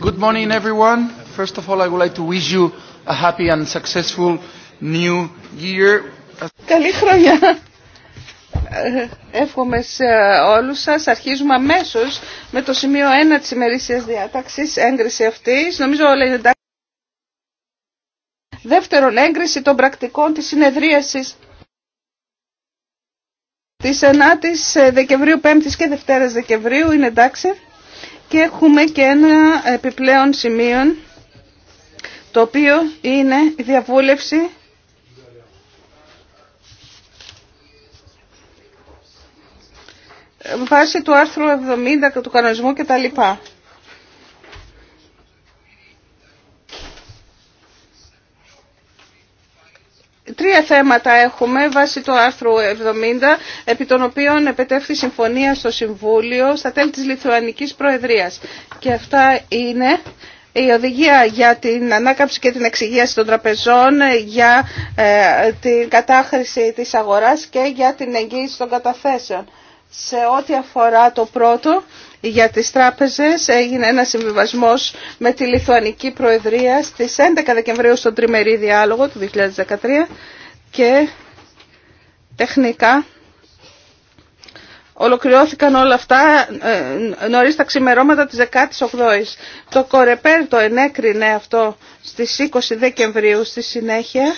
Good morning, everyone. First of all, I would like to wish you a happy and successful new year. Καλή χρονιά. Ε, εύχομαι σε όλους σας. Αρχίζουμε αμέσως με το σημείο 1 της ημερήσιας διάταξης, έγκριση αυτής. Νομίζω όλα είναι εντάξει. Δεύτερον, έγκριση των πρακτικών της συνεδρίασης της 9ης ε, Δεκεμβρίου, 5ης και Δευτέρας Δεκεμβρίου. Είναι εντάξει. Και έχουμε και ένα επιπλέον σημείο, το οποίο είναι η διαβούλευση βάσει του άρθρου 70 του κανονισμού κτλ. Τρία θέματα έχουμε βάσει το άρθρο 70, επί των οποίων επετεύχθη συμφωνία στο Συμβούλιο στα τέλη της Λιθουανικής Προεδρίας. Και αυτά είναι η οδηγία για την ανάκαμψη και την εξυγίαση των τραπεζών, για ε, την κατάχρηση της αγοράς και για την εγγύηση των καταθέσεων. Σε ό,τι αφορά το πρώτο, για τις τράπεζες έγινε ένα συμβιβασμός με τη Λιθουανική Προεδρία στις 11 Δεκεμβρίου στον τριμερή διάλογο του 2013 και τεχνικά ολοκληρώθηκαν όλα αυτά ε, νωρίς τα ξημερώματα της 18ης. Το Κορεπέρ το ενέκρινε αυτό στις 20 Δεκεμβρίου στη συνέχεια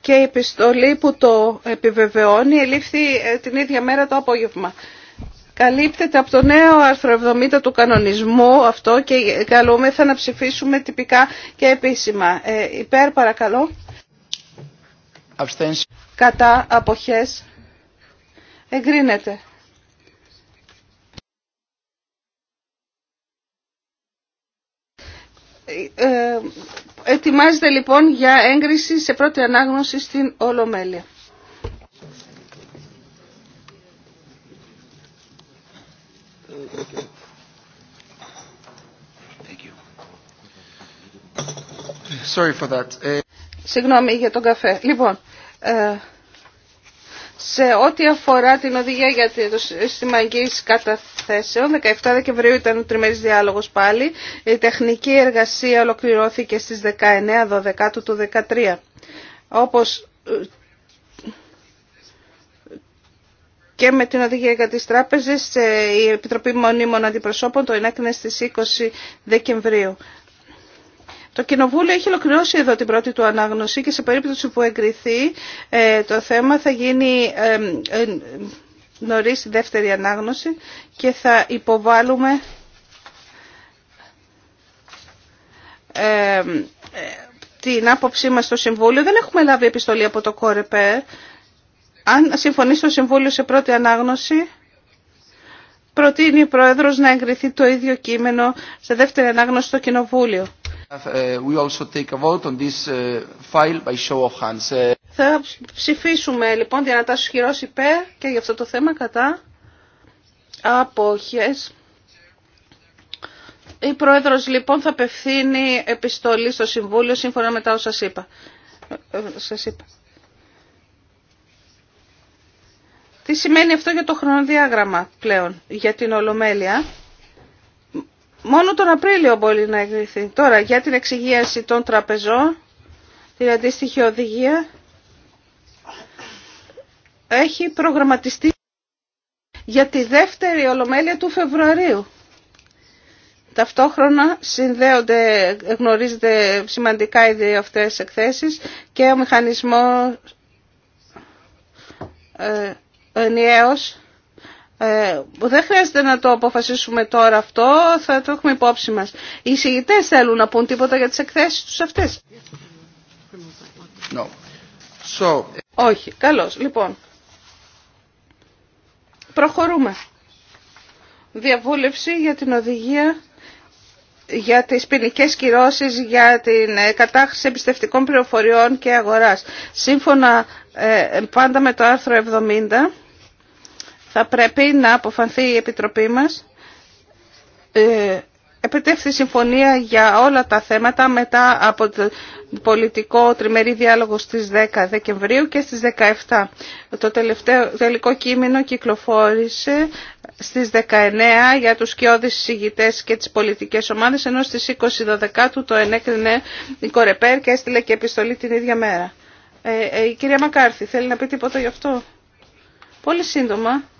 και η επιστολή που το επιβεβαιώνει ελήφθη ε, την ίδια μέρα το απόγευμα. Καλύπτεται από το νέο άρθρο 70 του κανονισμού αυτό και καλούμεθα να ψηφίσουμε τυπικά και επίσημα. Ε, υπέρ παρακαλώ. Κατά αποχές εγκρίνεται. Ε, ετοιμάζεται λοιπόν για έγκριση σε πρώτη ανάγνωση στην Ολομέλεια. Sorry for ε, Συγγνώμη για τον καφέ. Λοιπόν, ε, σε ό,τι αφορά την οδηγία για το σύστημα εγγύηση καταθέσεων, 17 Δεκεμβρίου ήταν ο τριμερής διάλογος πάλι. Η τεχνική εργασία ολοκληρώθηκε στις 19-12 του 2013. Όπως ε, και με την οδηγία για τις τράπεζες ε, η Επιτροπή Μονίμων Αντιπροσώπων το ενέκρινε στις 20 Δεκεμβρίου. Το Κοινοβούλιο έχει ολοκληρώσει εδώ την πρώτη του ανάγνωση και σε περίπτωση που εγκριθεί ε, το θέμα θα γίνει ε, ε, νωρίς η δεύτερη ανάγνωση και θα υποβάλουμε την άποψή μας στο Συμβούλιο. Δεν έχουμε λάβει επιστολή από το ΚΟΡΕΠΕΡ. Αν συμφωνεί το Συμβούλιο σε πρώτη ανάγνωση, προτείνει ο Πρόεδρος να εγκριθεί το ίδιο κείμενο σε δεύτερη ανάγνωση στο Κοινοβούλιο. Θα ψηφίσουμε λοιπόν διανατάσσεως χειρός υπέρ και για αυτό το θέμα κατά αποχές. Η Πρόεδρος λοιπόν θα απευθύνει επιστολή στο Συμβούλιο σύμφωνα με τα όσα σας είπα. Ε, ε, σας είπα. Τι σημαίνει αυτό για το χρονοδιάγραμμα πλέον για την Ολομέλεια. Μόνο τον Απρίλιο μπορεί να εγκριθεί. Τώρα για την εξυγίαση των τραπεζών, την αντίστοιχη οδηγία, έχει προγραμματιστεί για τη δεύτερη ολομέλεια του Φεβρουαρίου. Ταυτόχρονα συνδέονται, γνωρίζετε σημαντικά οι δύο αυτές εκθέσεις και ο μηχανισμός ε, ε, δεν χρειάζεται να το αποφασίσουμε τώρα αυτό, θα το έχουμε υπόψη μας. Οι εισηγητές θέλουν να πούν τίποτα για τις εκθέσεις τους αυτές. Όχι, καλώς. Λοιπόν, προχωρούμε. Διαβούλευση για την οδηγία για τις ποινικέ κυρώσεις για την ε, κατάχρηση εμπιστευτικών πληροφοριών και αγοράς. Σύμφωνα ε, πάντα με το άρθρο 70 θα πρέπει να αποφανθεί η Επιτροπή μας ε, επιτεύχθη συμφωνία για όλα τα θέματα μετά από το πολιτικό τριμερή διάλογο στις 10 Δεκεμβρίου και στις 17. Το τελευταίο τελικό κείμενο κυκλοφόρησε στις 19 για τους κοιόδης συγητές και τις πολιτικές ομάδες, ενώ στις 20 του το ενέκρινε η Κορεπέρ και έστειλε και επιστολή την ίδια μέρα. Ε, ε, η κυρία Μακάρθη θέλει να πει τίποτα γι' αυτό. Πολύ σύντομα.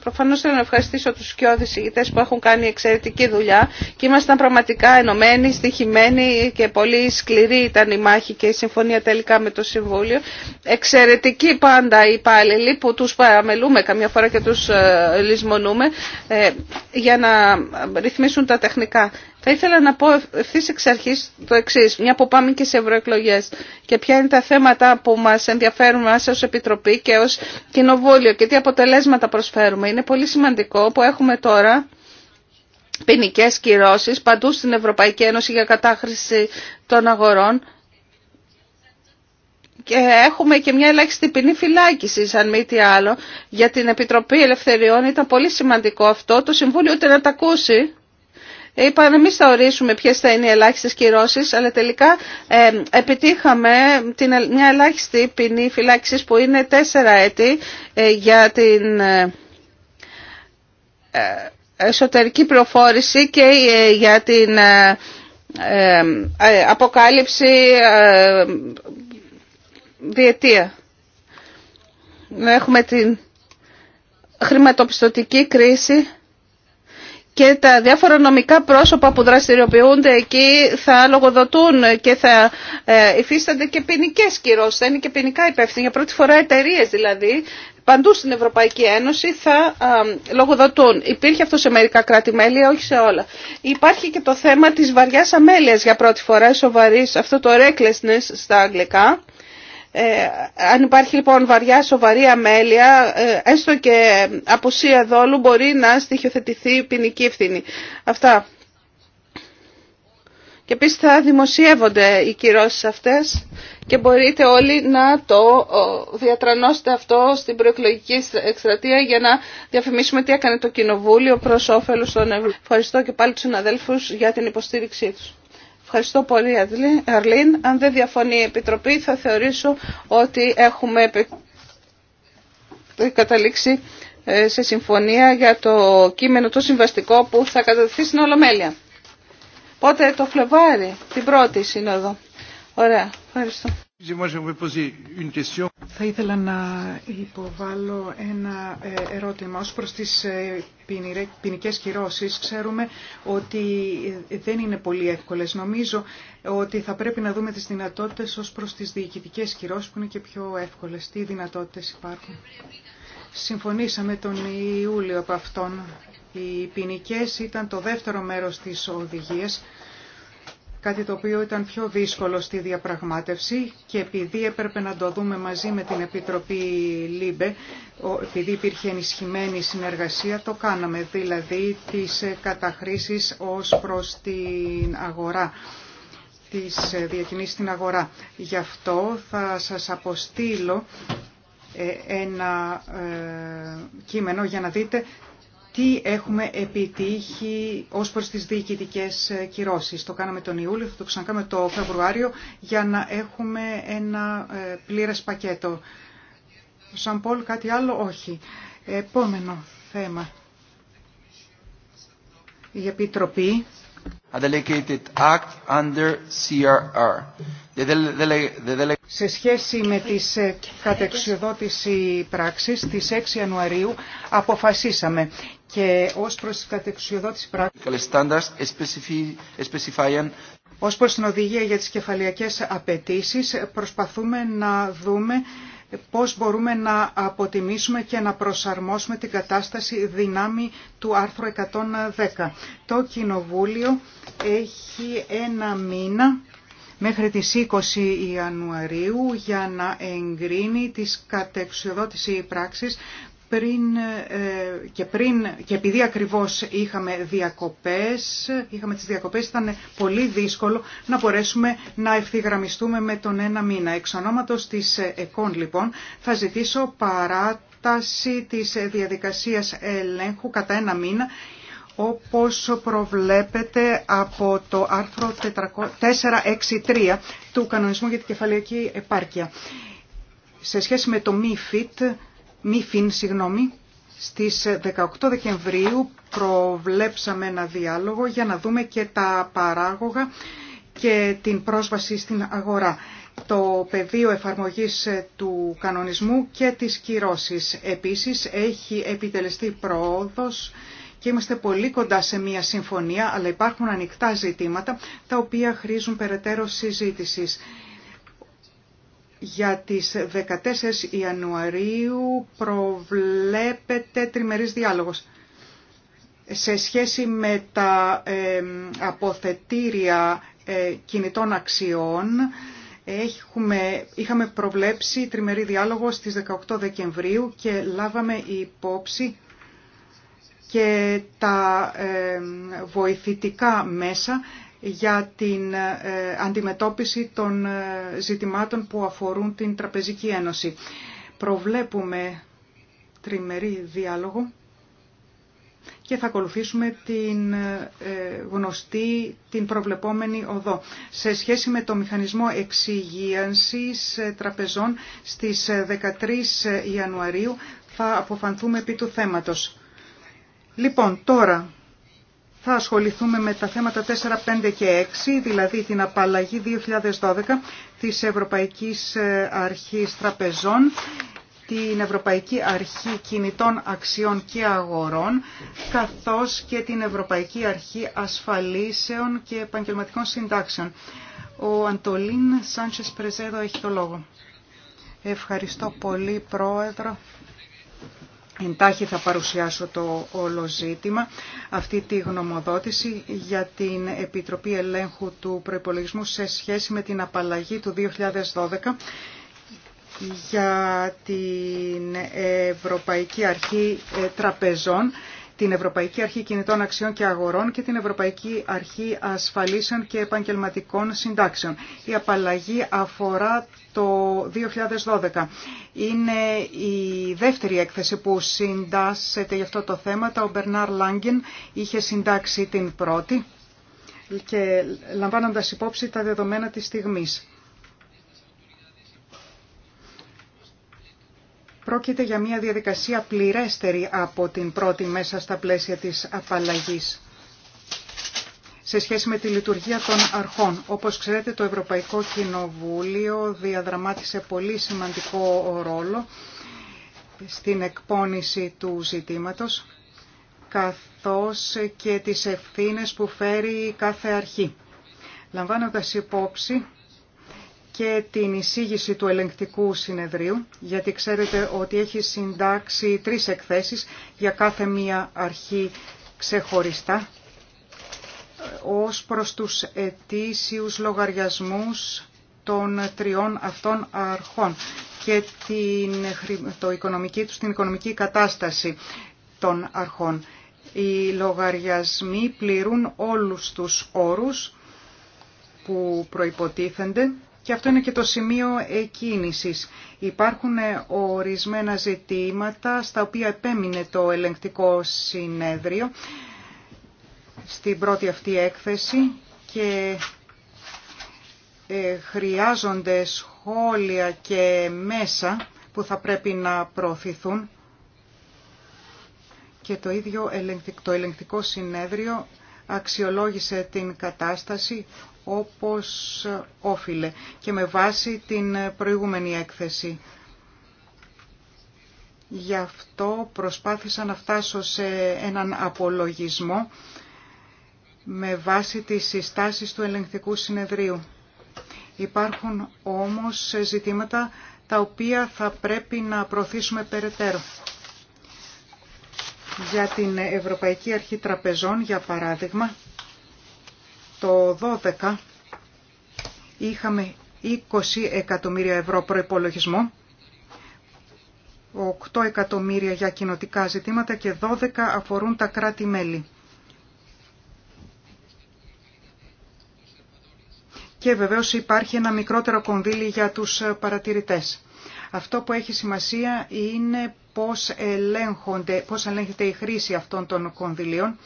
Προφανώ θέλω να ευχαριστήσω του σκιώδη ηγητέ που έχουν κάνει εξαιρετική δουλειά και ήμασταν πραγματικά ενωμένοι, στοιχημένοι και πολύ σκληρή ήταν η μάχη και η συμφωνία τελικά με το Συμβούλιο. Εξαιρετικοί πάντα οι υπάλληλοι που του παραμελούμε καμιά φορά και του ε, λησμονούμε ε, για να ρυθμίσουν τα τεχνικά. Θα ήθελα να πω ευθύ εξ αρχή το εξή, μια που πάμε και σε ευρωεκλογέ και ποια είναι τα θέματα που μα ενδιαφέρουν μα ω Επιτροπή και ω Κοινοβούλιο και τι αποτελέσματα προσφέρουμε. Είναι πολύ σημαντικό που έχουμε τώρα ποινικέ κυρώσει παντού στην Ευρωπαϊκή Ένωση για κατάχρηση των αγορών και έχουμε και μια ελάχιστη ποινή φυλάκιση, αν μη τι άλλο. Για την Επιτροπή Ελευθεριών ήταν πολύ σημαντικό αυτό. Το Συμβούλιο ούτε να τα ακούσει Είπαμε εμείς θα ορίσουμε ποιες θα είναι οι ελάχιστες κυρώσει, αλλά τελικά ε, επιτύχαμε την, μια ελάχιστη ποινή φυλάξη που είναι τέσσερα έτη ε, για την ε, ε, εσωτερική προφόρηση και ε, για την αποκάλυψη διετία. Έχουμε την χρηματοπιστωτική κρίση και τα διάφορα νομικά πρόσωπα που δραστηριοποιούνται εκεί θα λογοδοτούν και θα ε, υφίστανται και ποινικέ κυρώσει. Θα είναι και ποινικά υπεύθυνοι. Για πρώτη φορά εταιρείε δηλαδή παντού στην Ευρωπαϊκή Ένωση θα ε, λογοδοτούν. Υπήρχε αυτό σε μερικά κράτη-μέλη, όχι σε όλα. Υπάρχει και το θέμα της βαριάς αμέλειας για πρώτη φορά, σοβαρής, αυτό το recklessness στα αγγλικά ε, αν υπάρχει λοιπόν βαριά σοβαρή αμέλεια, ε, έστω και αποσία δόλου μπορεί να στοιχειοθετηθεί ποινική ευθύνη. Αυτά. Και επίση θα δημοσιεύονται οι κυρώσεις αυτές και μπορείτε όλοι να το διατρανώσετε αυτό στην προεκλογική εκστρατεία για να διαφημίσουμε τι έκανε το Κοινοβούλιο προς όφελος των Ευρωπαϊκών. Ευχαριστώ και πάλι τους συναδέλφους για την υποστήριξή τους. Ευχαριστώ πολύ, Αρλίν. Αν δεν διαφωνεί η Επιτροπή, θα θεωρήσω ότι έχουμε καταλήξει ε, σε συμφωνία για το κείμενο το συμβαστικό που θα καταδεχθεί στην Ολομέλεια. Πότε το Φλεβάρι, την πρώτη σύνοδο. Ωραία, ευχαριστώ. Θα ήθελα να υποβάλω ένα ε, ερώτημα ως προς τις ε, ποινικές κυρώσεις. Ξέρουμε ότι δεν είναι πολύ εύκολες. Νομίζω ότι θα πρέπει να δούμε τις δυνατότητες ως προς τις διοικητικές κυρώσεις που είναι και πιο εύκολες. Τι δυνατότητες υπάρχουν. Συμφωνήσαμε τον Ιούλιο από αυτόν. Οι ποινικέ ήταν το δεύτερο μέρος της οδηγίας κάτι το οποίο ήταν πιο δύσκολο στη διαπραγμάτευση και επειδή έπρεπε να το δούμε μαζί με την Επιτροπή ΛΥΜΠΕ, επειδή υπήρχε ενισχυμένη συνεργασία, το κάναμε, δηλαδή τις ε, καταχρήσεις ως προς την αγορά της ε, διακινήσεις στην αγορά. Γι' αυτό θα σας αποστείλω ε, ένα κείμενο για να δείτε τι έχουμε επιτύχει ως προς τις διοικητικές ε, κυρώσεις. Το κάναμε τον Ιούλιο, θα το ξανακάμε το Φεβρουάριο για να έχουμε ένα ε, πλήρες πακέτο. Σαν Πολ κάτι άλλο, όχι. Επόμενο θέμα. Η Επιτροπή. delegated act under CRR. The dele the dele σε σχέση με τις ε, κατεξιοδότηση πράξεις, στις 6 Ιανουαρίου αποφασίσαμε και ως προς την Ως προς την οδηγία για τις κεφαλιακές απαιτήσεις προσπαθούμε να δούμε πώς μπορούμε να αποτιμήσουμε και να προσαρμόσουμε την κατάσταση δυνάμει του άρθρου 110. Το Κοινοβούλιο έχει ένα μήνα μέχρι τις 20 Ιανουαρίου για να εγκρίνει τις κατεξιοδότηση πράξεις πριν, ε, και, πριν, και επειδή ακριβώς είχαμε διακοπές, είχαμε τις διακοπές, ήταν πολύ δύσκολο να μπορέσουμε να ευθυγραμμιστούμε με τον ένα μήνα. Εξ ονόματος της ΕΚΟΝ λοιπόν θα ζητήσω παράταση της διαδικασίας ελέγχου κατά ένα μήνα όπως προβλέπεται από το άρθρο 463 του Κανονισμού για την Κεφαλαιακή Επάρκεια. Σε σχέση με το MIFID ΜΥΦΙΝ, συγγνώμη, στις 18 Δεκεμβρίου προβλέψαμε ένα διάλογο για να δούμε και τα παράγωγα και την πρόσβαση στην αγορά το πεδίο εφαρμογής του κανονισμού και της κυρώσης Επίσης έχει επιτελεστεί πρόοδος και είμαστε πολύ κοντά σε μια συμφωνία, αλλά υπάρχουν ανοιχτά ζητήματα τα οποία χρήζουν περαιτέρω συζήτησης. Για τις 14 Ιανουαρίου προβλέπεται τριμερής διάλογος σε σχέση με τα αποθετήρια ε, κινητών αξιών. Έχουμε, είχαμε προβλέψει τριμερή διάλογο στις 18 Δεκεμβρίου και λάβαμε υπόψη και τα βοηθητικά μέσα για την ε, αντιμετώπιση των ε, ζητημάτων που αφορούν την Τραπεζική Ένωση. Προβλέπουμε τριμερή διάλογο και θα ακολουθήσουμε την ε, γνωστή, την προβλεπόμενη οδό. Σε σχέση με το μηχανισμό εξυγίανσης τραπεζών στις 13 Ιανουαρίου θα αποφανθούμε επί του θέματος. Λοιπόν, τώρα θα ασχοληθούμε με τα θέματα 4, 5 και 6, δηλαδή την απαλλαγή 2012 της Ευρωπαϊκής ε, Αρχής Τραπεζών, την Ευρωπαϊκή Αρχή Κινητών Αξιών και Αγορών, καθώς και την Ευρωπαϊκή Αρχή Ασφαλίσεων και Επαγγελματικών Συντάξεων. Ο Αντολίν Σάντσες Πρεζέδο έχει το λόγο. Ευχαριστώ πολύ, Πρόεδρο. Εντάχει θα παρουσιάσω το όλο ζήτημα, αυτή τη γνωμοδότηση για την Επιτροπή Ελέγχου του Προϋπολογισμού σε σχέση με την απαλλαγή του 2012 για την Ευρωπαϊκή Αρχή ε, Τραπεζών την Ευρωπαϊκή Αρχή Κινητών Αξιών και Αγορών και την Ευρωπαϊκή Αρχή Ασφαλίσεων και Επαγγελματικών Συντάξεων. Η απαλλαγή αφορά το 2012. Είναι η δεύτερη έκθεση που συντάσσεται για αυτό το θέμα. Ο Μπερνάρ Λάγκεν είχε συντάξει την πρώτη και λαμβάνοντας υπόψη τα δεδομένα της στιγμής. πρόκειται για μια διαδικασία πληρέστερη από την πρώτη μέσα στα πλαίσια της απαλλαγής σε σχέση με τη λειτουργία των αρχών. Όπως ξέρετε το Ευρωπαϊκό Κοινοβούλιο διαδραμάτισε πολύ σημαντικό ρόλο στην εκπόνηση του ζητήματος καθώς και τις ευθύνες που φέρει κάθε αρχή. Λαμβάνοντας υπόψη και την εισήγηση του ελεγκτικού συνεδρίου, γιατί ξέρετε ότι έχει συντάξει τρεις εκθέσεις για κάθε μία αρχή ξεχωριστά, ως προς τους ετήσιους λογαριασμούς των τριών αυτών αρχών και την, το οικονομική την οικονομική κατάσταση των αρχών. Οι λογαριασμοί πληρούν όλους τους όρους που προϋποτίθενται και αυτό είναι και το σημείο εκκίνησης. Υπάρχουν ε, ορισμένα ζητήματα στα οποία επέμεινε το ελεγκτικό συνέδριο στην πρώτη αυτή έκθεση και ε, χρειάζονται σχόλια και μέσα που θα πρέπει να προωθηθούν και το ίδιο το ελεγκτικό συνέδριο αξιολόγησε την κατάσταση όπως όφιλε και με βάση την προηγούμενη έκθεση. Γι' αυτό προσπάθησα να φτάσω σε έναν απολογισμό με βάση τις συστάσεις του ελεγκτικού συνεδρίου. Υπάρχουν όμως ζητήματα τα οποία θα πρέπει να προωθήσουμε περαιτέρω. Για την Ευρωπαϊκή Αρχή Τραπεζών, για παράδειγμα, το 12 είχαμε 20 εκατομμύρια ευρώ προϋπολογισμό, 8 εκατομμύρια για κοινοτικά ζητήματα και 12 αφορούν τα κράτη-μέλη. Και βεβαίως υπάρχει ένα μικρότερο κονδύλι για τους παρατηρητές. Αυτό που έχει σημασία είναι πώς, ελέγχονται, πώς ελέγχεται η χρήση αυτών των κονδυλίων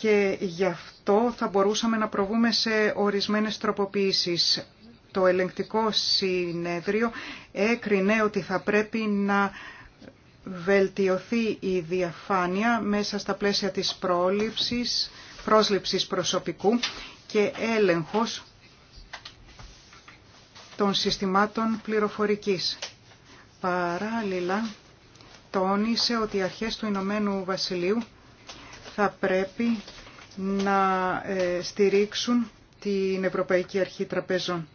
και γι' αυτό θα μπορούσαμε να προβούμε σε ορισμένες τροποποιήσεις. Το ελεγκτικό συνέδριο έκρινε ότι θα πρέπει να βελτιωθεί η διαφάνεια μέσα στα πλαίσια της πρόληψης, πρόσληψης προσωπικού και έλεγχος των συστημάτων πληροφορικής. Παράλληλα, τόνισε ότι οι αρχές του Ηνωμένου Βασιλείου θα πρέπει να ε, στηρίξουν την Ευρωπαϊκή Αρχή Τραπεζών.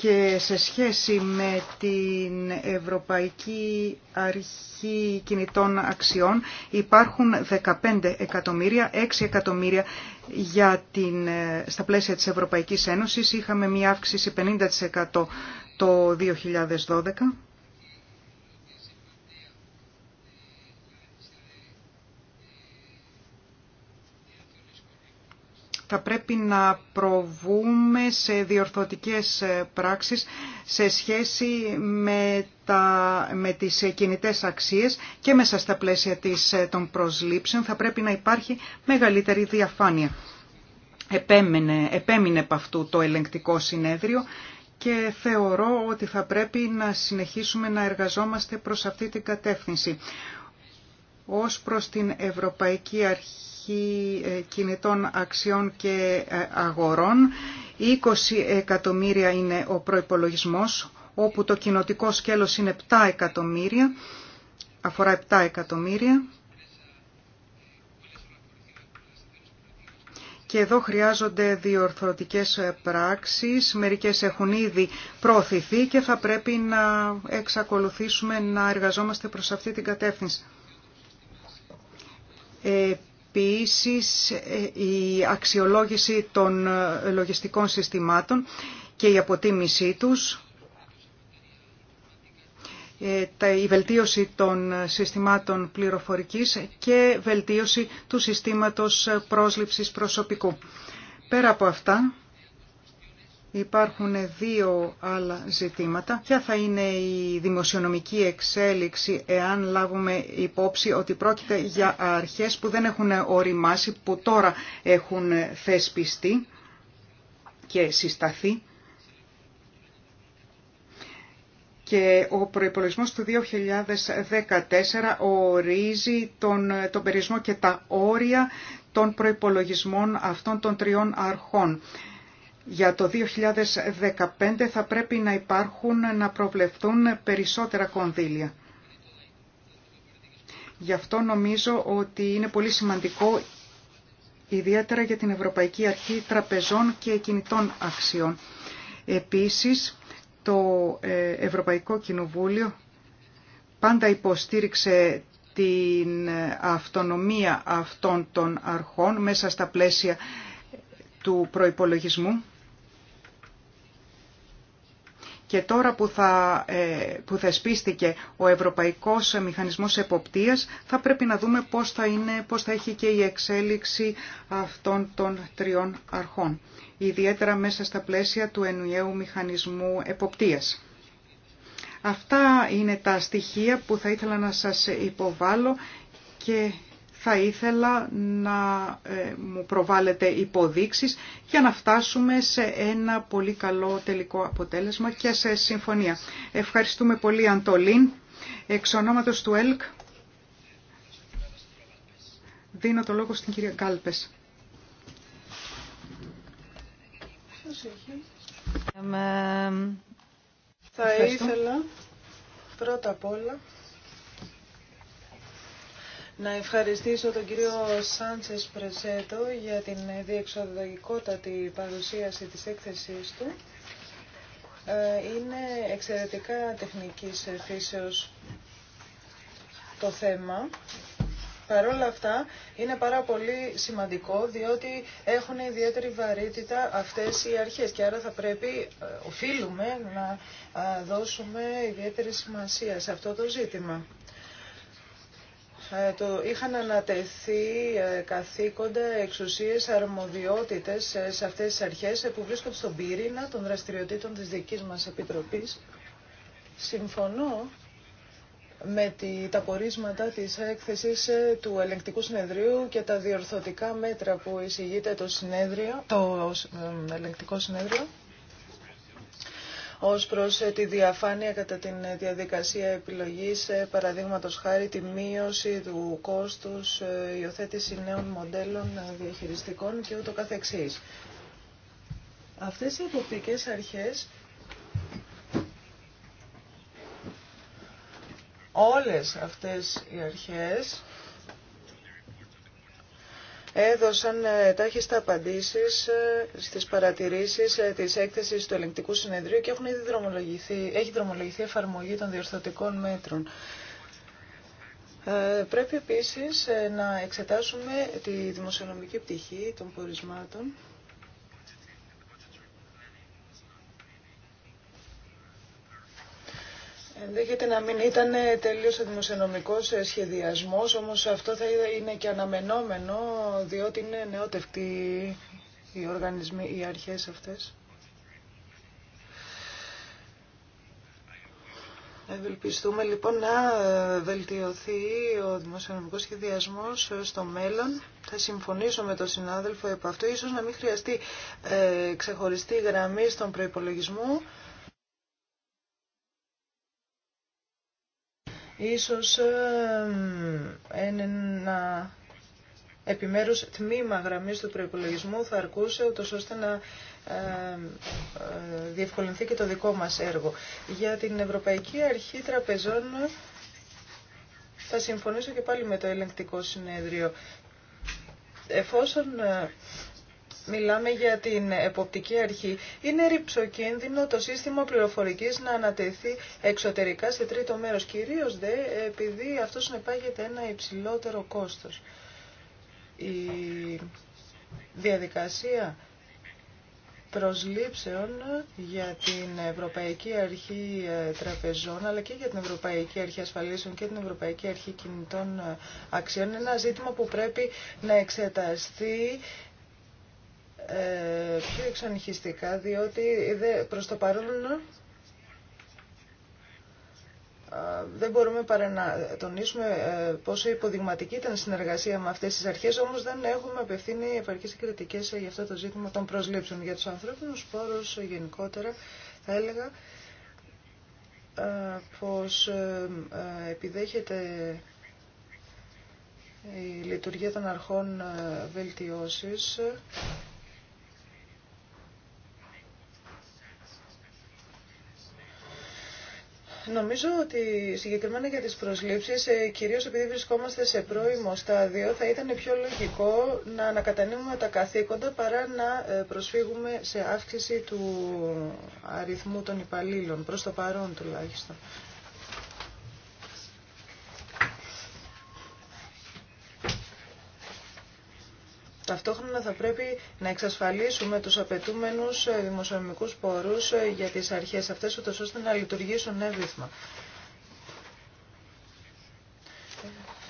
και σε σχέση με την Ευρωπαϊκή Αρχή Κινητών Αξιών υπάρχουν 15 εκατομμύρια, 6 εκατομμύρια για την, ε, στα πλαίσια της Ευρωπαϊκής Ένωσης. Είχαμε μια αύξηση 50% το 2012. θα πρέπει να προβούμε σε διορθωτικές ε, πράξεις σε σχέση με, τα, με τις ε, κινητές αξίες και μέσα στα πλαίσια της, ε, των προσλήψεων θα πρέπει να υπάρχει μεγαλύτερη διαφάνεια. Επέμενε, επέμεινε από αυτού το ελεγκτικό συνέδριο και θεωρώ ότι θα πρέπει να συνεχίσουμε να εργαζόμαστε προς αυτή την κατεύθυνση. Ως προς την Ευρωπαϊκή Αρχή ε, Κινητών Αξιών και ε, Αγορών, 20 εκατομμύρια είναι ο προϋπολογισμός, όπου το κοινοτικό σκέλος είναι 7 εκατομμύρια, αφορά 7 εκατομμύρια Και εδώ χρειάζονται διορθωτικές πράξεις, μερικές έχουν ήδη προωθηθεί και θα πρέπει να εξακολουθήσουμε να εργαζόμαστε προς αυτή την κατεύθυνση. Επίσης, η αξιολόγηση των λογιστικών συστημάτων και η αποτίμησή τους ε, η βελτίωση των συστημάτων πληροφορικής και βελτίωση του συστήματος πρόσληψης προσωπικού. Πέρα από αυτά, υπάρχουν δύο άλλα ζητήματα. Ποια θα είναι η δημοσιονομική εξέλιξη εάν λάβουμε υπόψη ότι πρόκειται για αρχές που δεν έχουν οριμάσει, που τώρα έχουν θεσπιστεί και συσταθεί και ο προϋπολογισμός του 2014 ορίζει τον, τον περιορισμό και τα όρια των προϋπολογισμών αυτών των τριών αρχών. Για το 2015 θα πρέπει να υπάρχουν, να προβλεφθούν περισσότερα κονδύλια. Γι' αυτό νομίζω ότι είναι πολύ σημαντικό ιδιαίτερα για την Ευρωπαϊκή Αρχή Τραπεζών και Κινητών Αξιών. Επίσης, το ε, Ευρωπαϊκό Κοινοβούλιο πάντα υποστήριξε την αυτονομία αυτών των αρχών μέσα στα πλαίσια του προϋπολογισμού και τώρα που, θα, ε, που θεσπίστηκε ο Ευρωπαϊκός Μηχανισμός Εποπτείας θα πρέπει να δούμε πώς θα, είναι, πώς θα έχει και η εξέλιξη αυτών των τριών αρχών ιδιαίτερα μέσα στα πλαίσια του ενιαίου μηχανισμού εποπτείας. Αυτά είναι τα στοιχεία που θα ήθελα να σας υποβάλω και θα ήθελα να ε, μου προβάλετε υποδείξεις για να φτάσουμε σε ένα πολύ καλό τελικό αποτέλεσμα και σε συμφωνία. Ευχαριστούμε πολύ Αντολίν. Εξ ονόματος του ΕΛΚ δίνω το λόγο στην κυρία Γκάλπες. Ε, Θα ήθελα πρώτα απ' όλα να ευχαριστήσω τον κύριο Σάντσες Πρεσέτο για την διεξοδογικότατη παρουσίαση της έκθεσής του. Ε, είναι εξαιρετικά τεχνικής φύσεως το θέμα Παρ' όλα αυτά είναι πάρα πολύ σημαντικό διότι έχουν ιδιαίτερη βαρύτητα αυτές οι αρχές και άρα θα πρέπει, ε, οφείλουμε να δώσουμε ιδιαίτερη σημασία σε αυτό το ζήτημα. Ε, το είχαν ανατεθεί ε, καθήκοντα, εξουσίες, αρμοδιότητες σε αυτές τις αρχές που βρίσκονται στον πύρινα των δραστηριοτήτων της δικής μας Επιτροπής. Συμφωνώ με τα πορίσματα της έκθεσης ε, του ελεγκτικού συνεδρίου και τα διορθωτικά μέτρα που εισηγείται το, συνέδριο, το ε, ελεγκτικό συνέδριο ως προς ε, τη διαφάνεια κατά την διαδικασία επιλογής, παραδείγματος χάρη τη μείωση του κόστους, υιοθέτηση νέων μοντέλων διαχειριστικών και ούτω καθεξής. Αυτές οι εποπτικές αρχές Όλες αυτές οι αρχές έδωσαν ε, τάχιστα απαντήσεις ε, στις παρατηρήσεις ε, της έκθεσης του ελεγκτικού συνεδρίου και έχουν ήδη δρομολογηθεί, έχει δρομολογηθεί εφαρμογή των διορθωτικών μέτρων. Πρέπει επίσης να εξετάσουμε τη δημοσιονομική πτυχή των πορισμάτων. Ενδέχεται να μην ήταν τελείως ο δημοσιονομικός σχεδιασμός, όμως αυτό θα είναι και αναμενόμενο, διότι είναι νεότευτοι οι οργανισμοί, οι αρχές αυτές. Ευελπιστούμε λοιπόν να βελτιωθεί ο δημοσιονομικός σχεδιασμός στο μέλλον. Θα συμφωνήσω με τον συνάδελφο επ' αυτό. Ίσως να μην χρειαστεί ε, ξεχωριστή γραμμή στον προϋπολογισμό. Ίσως ένα ε, επιμέρους τμήμα γραμμής του προϋπολογισμού θα αρκούσε ούτως ώστε να ε, ε, διευκολυνθεί και το δικό μας έργο. Για την Ευρωπαϊκή Αρχή Τραπεζών θα συμφωνήσω και πάλι με το ελεγκτικό συνέδριο. Εφόσον μιλάμε για την εποπτική αρχή, είναι ρηψοκίνδυνο το σύστημα πληροφορικής να ανατεθεί εξωτερικά σε τρίτο μέρος, κυρίως δε επειδή αυτό συνεπάγεται ένα υψηλότερο κόστος. Η διαδικασία προσλήψεων για την Ευρωπαϊκή Αρχή ε, Τραπεζών αλλά και για την Ευρωπαϊκή Αρχή Ασφαλίσεων και την Ευρωπαϊκή Αρχή Κινητών ε, Αξιών είναι ένα ζήτημα που πρέπει να εξεταστεί ε, πιο εξανυχιστικά, διότι προς το παρόν δεν μπορούμε παρά να τονίσουμε ε, πόσο υποδειγματική ήταν η συνεργασία με αυτές τις αρχές, όμως δεν έχουμε απευθύνει επαρκείς κριτικές για αυτό το ζήτημα των προσλήψεων. Για τους ανθρώπινους πόρους γενικότερα θα έλεγα ε, πως επιδέχεται η λειτουργία των αρχών βελτιώσεις Νομίζω ότι συγκεκριμένα για τις προσλήψεις, ε, κυρίως επειδή βρισκόμαστε σε πρώιμο στάδιο, θα ήταν πιο λογικό να ανακατανύμουμε τα καθήκοντα παρά να ε, προσφύγουμε σε αύξηση του αριθμού των υπαλλήλων, προς το παρόν τουλάχιστον. Ταυτόχρονα θα πρέπει να εξασφαλίσουμε τους απαιτούμενους ε, δημοσιονομικούς πόρους ε, για τις αρχές αυτές, ώστε να λειτουργήσουν εύρυθμα.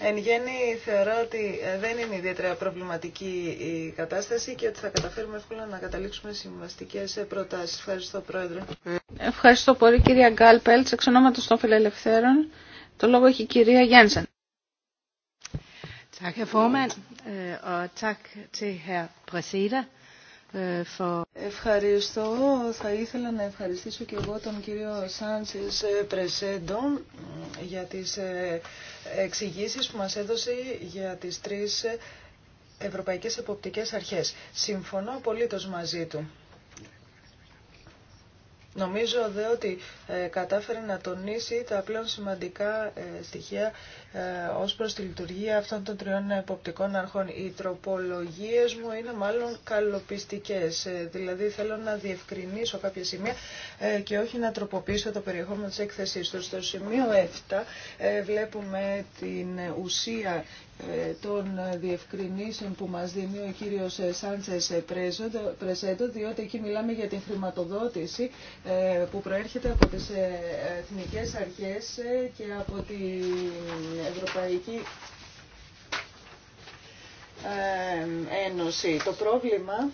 Εν γέννη θεωρώ ότι ε, δεν είναι ιδιαίτερα προβληματική η κατάσταση και ότι θα καταφέρουμε εύκολα να καταλήξουμε συμβαστικές προτάσεις. Ευχαριστώ Πρόεδρε. Ευχαριστώ πολύ κυρία Γκάλ Πέλτς, εξ ονόματος των φιλελευθέρων. Το λόγο έχει η κυρία Γιάνσεν. Ευχαριστώ. Θα ήθελα να ευχαριστήσω και εγώ τον κύριο Σάντσις ε, Πρεσέντο για τις ε, εξηγήσεις που μας έδωσε για τις τρεις ε, ευρωπαϊκές εποπτικές αρχές. Συμφωνώ απολύτως μαζί του. Νομίζω δε ότι ε, κατάφερε να τονίσει τα πλέον σημαντικά ε, στοιχεία ε, ως προς τη λειτουργία αυτών των τριών εποπτικών αρχών. Οι τροπολογίες μου είναι μάλλον καλοπιστικές, δηλαδή θέλω να διευκρινίσω κάποια σημεία και όχι να τροποποιήσω το περιεχόμενο της έκθεσής του. Στο σημείο 7 βλέπουμε την ουσία ε, των διευκρινήσεων που μας δίνει ο κύριος Σάντσες Πρεσέντο, διότι εκεί μιλάμε για την χρηματοδότηση ε, που προέρχεται από τις ε, εθνικές αρχές και από την Ευρωπαϊκή Ένωση. Το πρόβλημα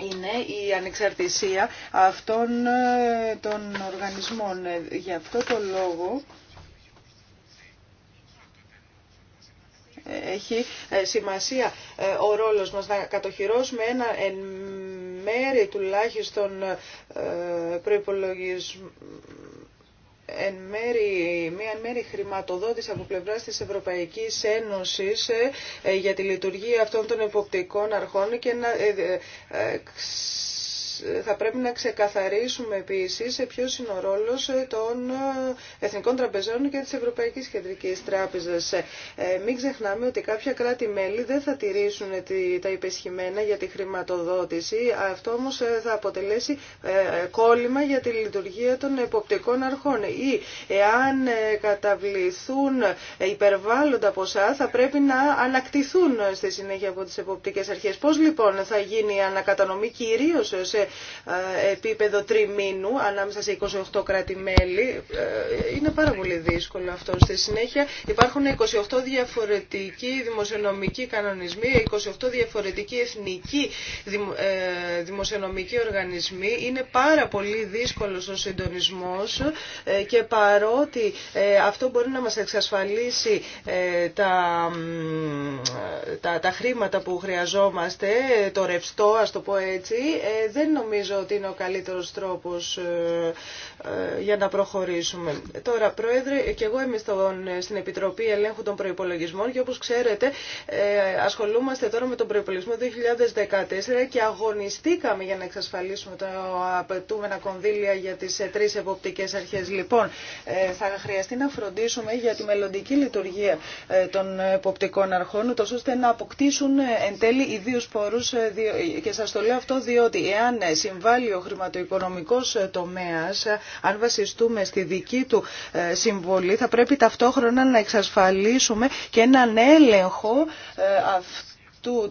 είναι η ανεξαρτησία αυτών των οργανισμών. Γι' αυτό το λόγο έχει ε, σημασία ε, ο ρόλος μας να κατοχυρώσουμε ένα εν μέρη τουλάχιστον ε, προϋπολογισμό εν μέρη, μία εν μέρη χρηματοδότηση από πλευράς της Ευρωπαϊκής Ένωσης για τη λειτουργία αυτών των εποπτικών αρχών και να θα πρέπει να ξεκαθαρίσουμε επίσης σε ποιος είναι ο ρόλος των Εθνικών Τραπεζών και της Ευρωπαϊκής Κεντρικής Τράπεζας. Ε, μην ξεχνάμε ότι κάποια κράτη-μέλη δεν θα τηρήσουν τα υπεσχημένα για τη χρηματοδότηση. Αυτό όμως ε, θα αποτελέσει ε, κόλλημα για τη λειτουργία των εποπτικών αρχών. Ή εάν καταβληθούν υπερβάλλοντα ποσά θα πρέπει να ανακτηθούν στη συνέχεια από τις εποπτικές αρχές. Πώς λοιπόν θα γίνει η ανακατανομή κυρίως σε ε, επίπεδο τριμήνου ανάμεσα σε 28 κράτη-μέλη. Ε, είναι πάρα πολύ δύσκολο αυτό. Στη συνέχεια υπάρχουν 28 διαφορετικοί δημοσιονομικοί κανονισμοί, 28 διαφορετικοί εθνικοί ε, δημοσιονομικοί οργανισμοί. Είναι πάρα πολύ δύσκολο ο συντονισμός και παρότι αυτό μπορεί να μας εξασφαλίσει τα, τα, τα χρήματα που χρειαζόμαστε, το ρευστό ας το πω έτσι, δεν νομίζω ότι είναι ο καλύτερος τρόπος ε, ε, για να προχωρήσουμε. Τώρα, Πρόεδρε, και εγώ είμαι στην Επιτροπή Ελέγχου των Προϋπολογισμών και όπως ξέρετε ε, ασχολούμαστε τώρα με τον προϋπολογισμό 2014 και αγωνιστήκαμε για να εξασφαλίσουμε τα απαιτούμενα κονδύλια για τις τρεις εποπτικές αρχές. Λοιπόν, θα χρειαστεί να φροντίσουμε για τη μελλοντική λειτουργία των εποπτικών αρχών, ούτως ώστε να αποκτήσουν εν τέλει ιδίους πόρους και σας το λέω αυτό διότι εάν ναι, συμβάλλει ο χρηματοοικονομικός ε, τομέας, αν βασιστούμε στη δική του ε, συμβολή, θα πρέπει ταυτόχρονα να εξασφαλίσουμε και έναν έλεγχο ε, αυτού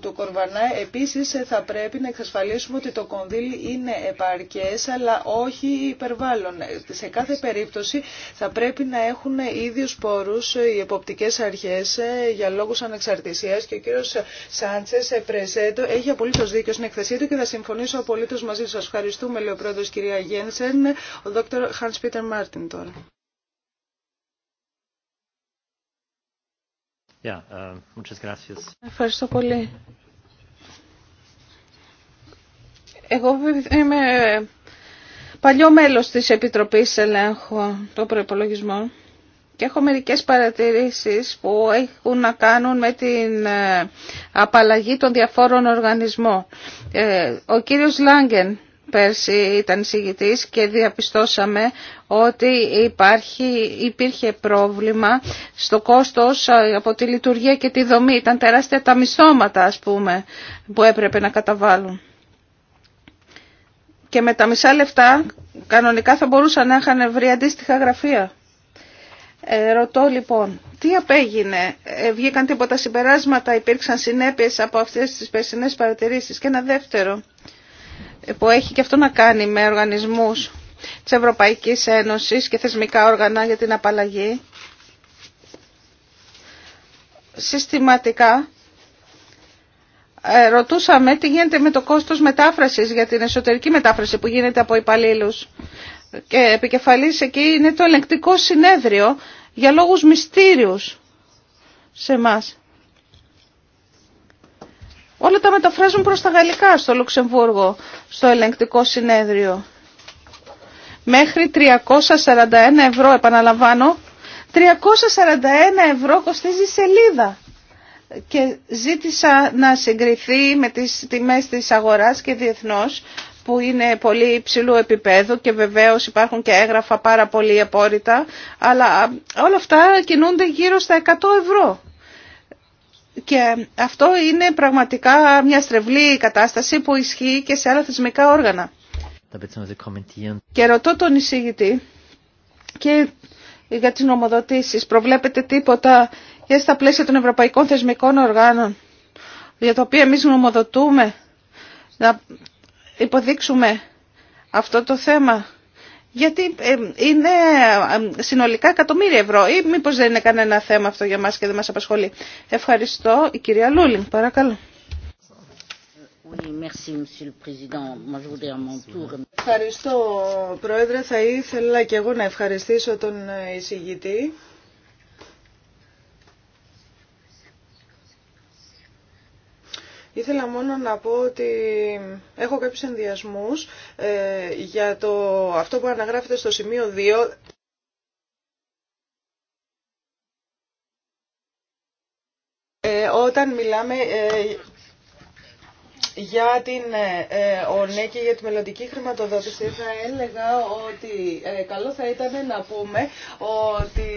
του Κορβανά επίσης ε, θα πρέπει να εξασφαλίσουμε ότι το κονδύλι είναι επαρκές αλλά όχι υπερβάλλον. Ε, σε κάθε περίπτωση θα πρέπει να έχουν ίδιους πόρους ε, οι εποπτικές αρχές για λόγους ανεξαρτησίας και ο κύριος Σάντσες Πρεσέντο έχει απολύτως δίκιο στην εκθεσή του και θα συμφωνήσω απολύτως μαζί σας. Ευχαριστούμε λέει ο κυρία Γένσεν, ο δόκτωρ Χάνς Πίτερ Μάρτιν τώρα. Um, Ευχαριστώ πολύ. Εγώ είμαι παλιό μέλος της Επιτροπής Ελέγχου των Προϋπολογισμών και έχω μερικές παρατηρήσεις που έχουν να κάνουν με την ε, απαλλαγή των διαφόρων οργανισμών. Ε, ο κύριος Λάγκεν πέρσι ήταν συγητής και διαπιστώσαμε ότι υπάρχει, υπήρχε πρόβλημα στο κόστος από τη λειτουργία και τη δομή. Ήταν τεράστια τα μισθώματα ας πούμε που έπρεπε να καταβάλουν. Και με τα μισά λεφτά κανονικά θα μπορούσαν να είχαν βρει αντίστοιχα γραφεία. Ε, ρωτώ λοιπόν, τι απέγινε, ε, βγήκαν τίποτα συμπεράσματα, υπήρξαν συνέπειες από αυτές τις περσινές παρατηρήσεις. Και ένα δεύτερο, που έχει και αυτό να κάνει με οργανισμούς της Ευρωπαϊκής Ένωσης και θεσμικά όργανα για την απαλλαγή. Συστηματικά ε, ρωτούσαμε τι γίνεται με το κόστος μετάφρασης για την εσωτερική μετάφραση που γίνεται από υπαλλήλους. Και επικεφαλής εκεί είναι το ελεγκτικό συνέδριο για λόγους μυστήριους σε μας. Όλα τα μεταφράζουν προς τα γαλλικά στο Λουξεμβούργο, στο ελεγκτικό συνέδριο. Μέχρι 341 ευρώ, επαναλαμβάνω, 341 ευρώ κοστίζει σελίδα. Και ζήτησα να συγκριθεί με τις τιμές της αγοράς και διεθνώς, που είναι πολύ υψηλού επίπεδου και βεβαίως υπάρχουν και έγγραφα πάρα πολύ απόρριτα, αλλά όλα αυτά κινούνται γύρω στα 100 ευρώ. Και αυτό είναι πραγματικά μια στρεβλή κατάσταση που ισχύει και σε άλλα θεσμικά όργανα. Και ρωτώ τον εισηγητή και για τις νομοδοτήσεις προβλέπετε τίποτα για στα πλαίσια των ευρωπαϊκών θεσμικών οργάνων για τα οποία εμείς νομοδοτούμε να υποδείξουμε αυτό το θέμα γιατί είναι συνολικά εκατομμύρια ευρώ ή μήπως δεν είναι κανένα θέμα αυτό για μας και δεν μας απασχολεί. Ευχαριστώ. Η κυρία Λούλη, παρακαλώ. Ευχαριστώ, Πρόεδρε. Θα ήθελα και εγώ να ευχαριστήσω τον εισηγητή. Ήθελα μόνο να πω ότι έχω κάποιους ενδιασμούς ε, για το, αυτό που αναγράφεται στο σημείο 2. Ε, όταν μιλάμε ε, για την ΟΝΕ ε, ναι και για τη μελλοντική χρηματοδότηση θα έλεγα ότι ε, καλό θα ήταν να πούμε ότι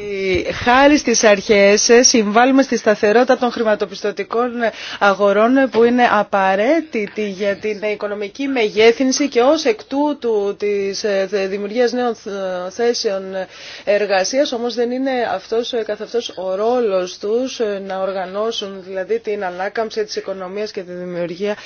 χάρη στις αρχές συμβάλλουμε στη σταθερότητα των χρηματοπιστωτικών αγορών που είναι απαραίτητη για την οικονομική μεγέθυνση και ως εκ τούτου της ε, δημιουργίας νέων θέσεων εργασίας όμως δεν είναι αυτός καθ' αυτός ο ρόλος τους να οργανώσουν δηλαδή την ανάκαμψη της οικονομίας και τη δημιουργία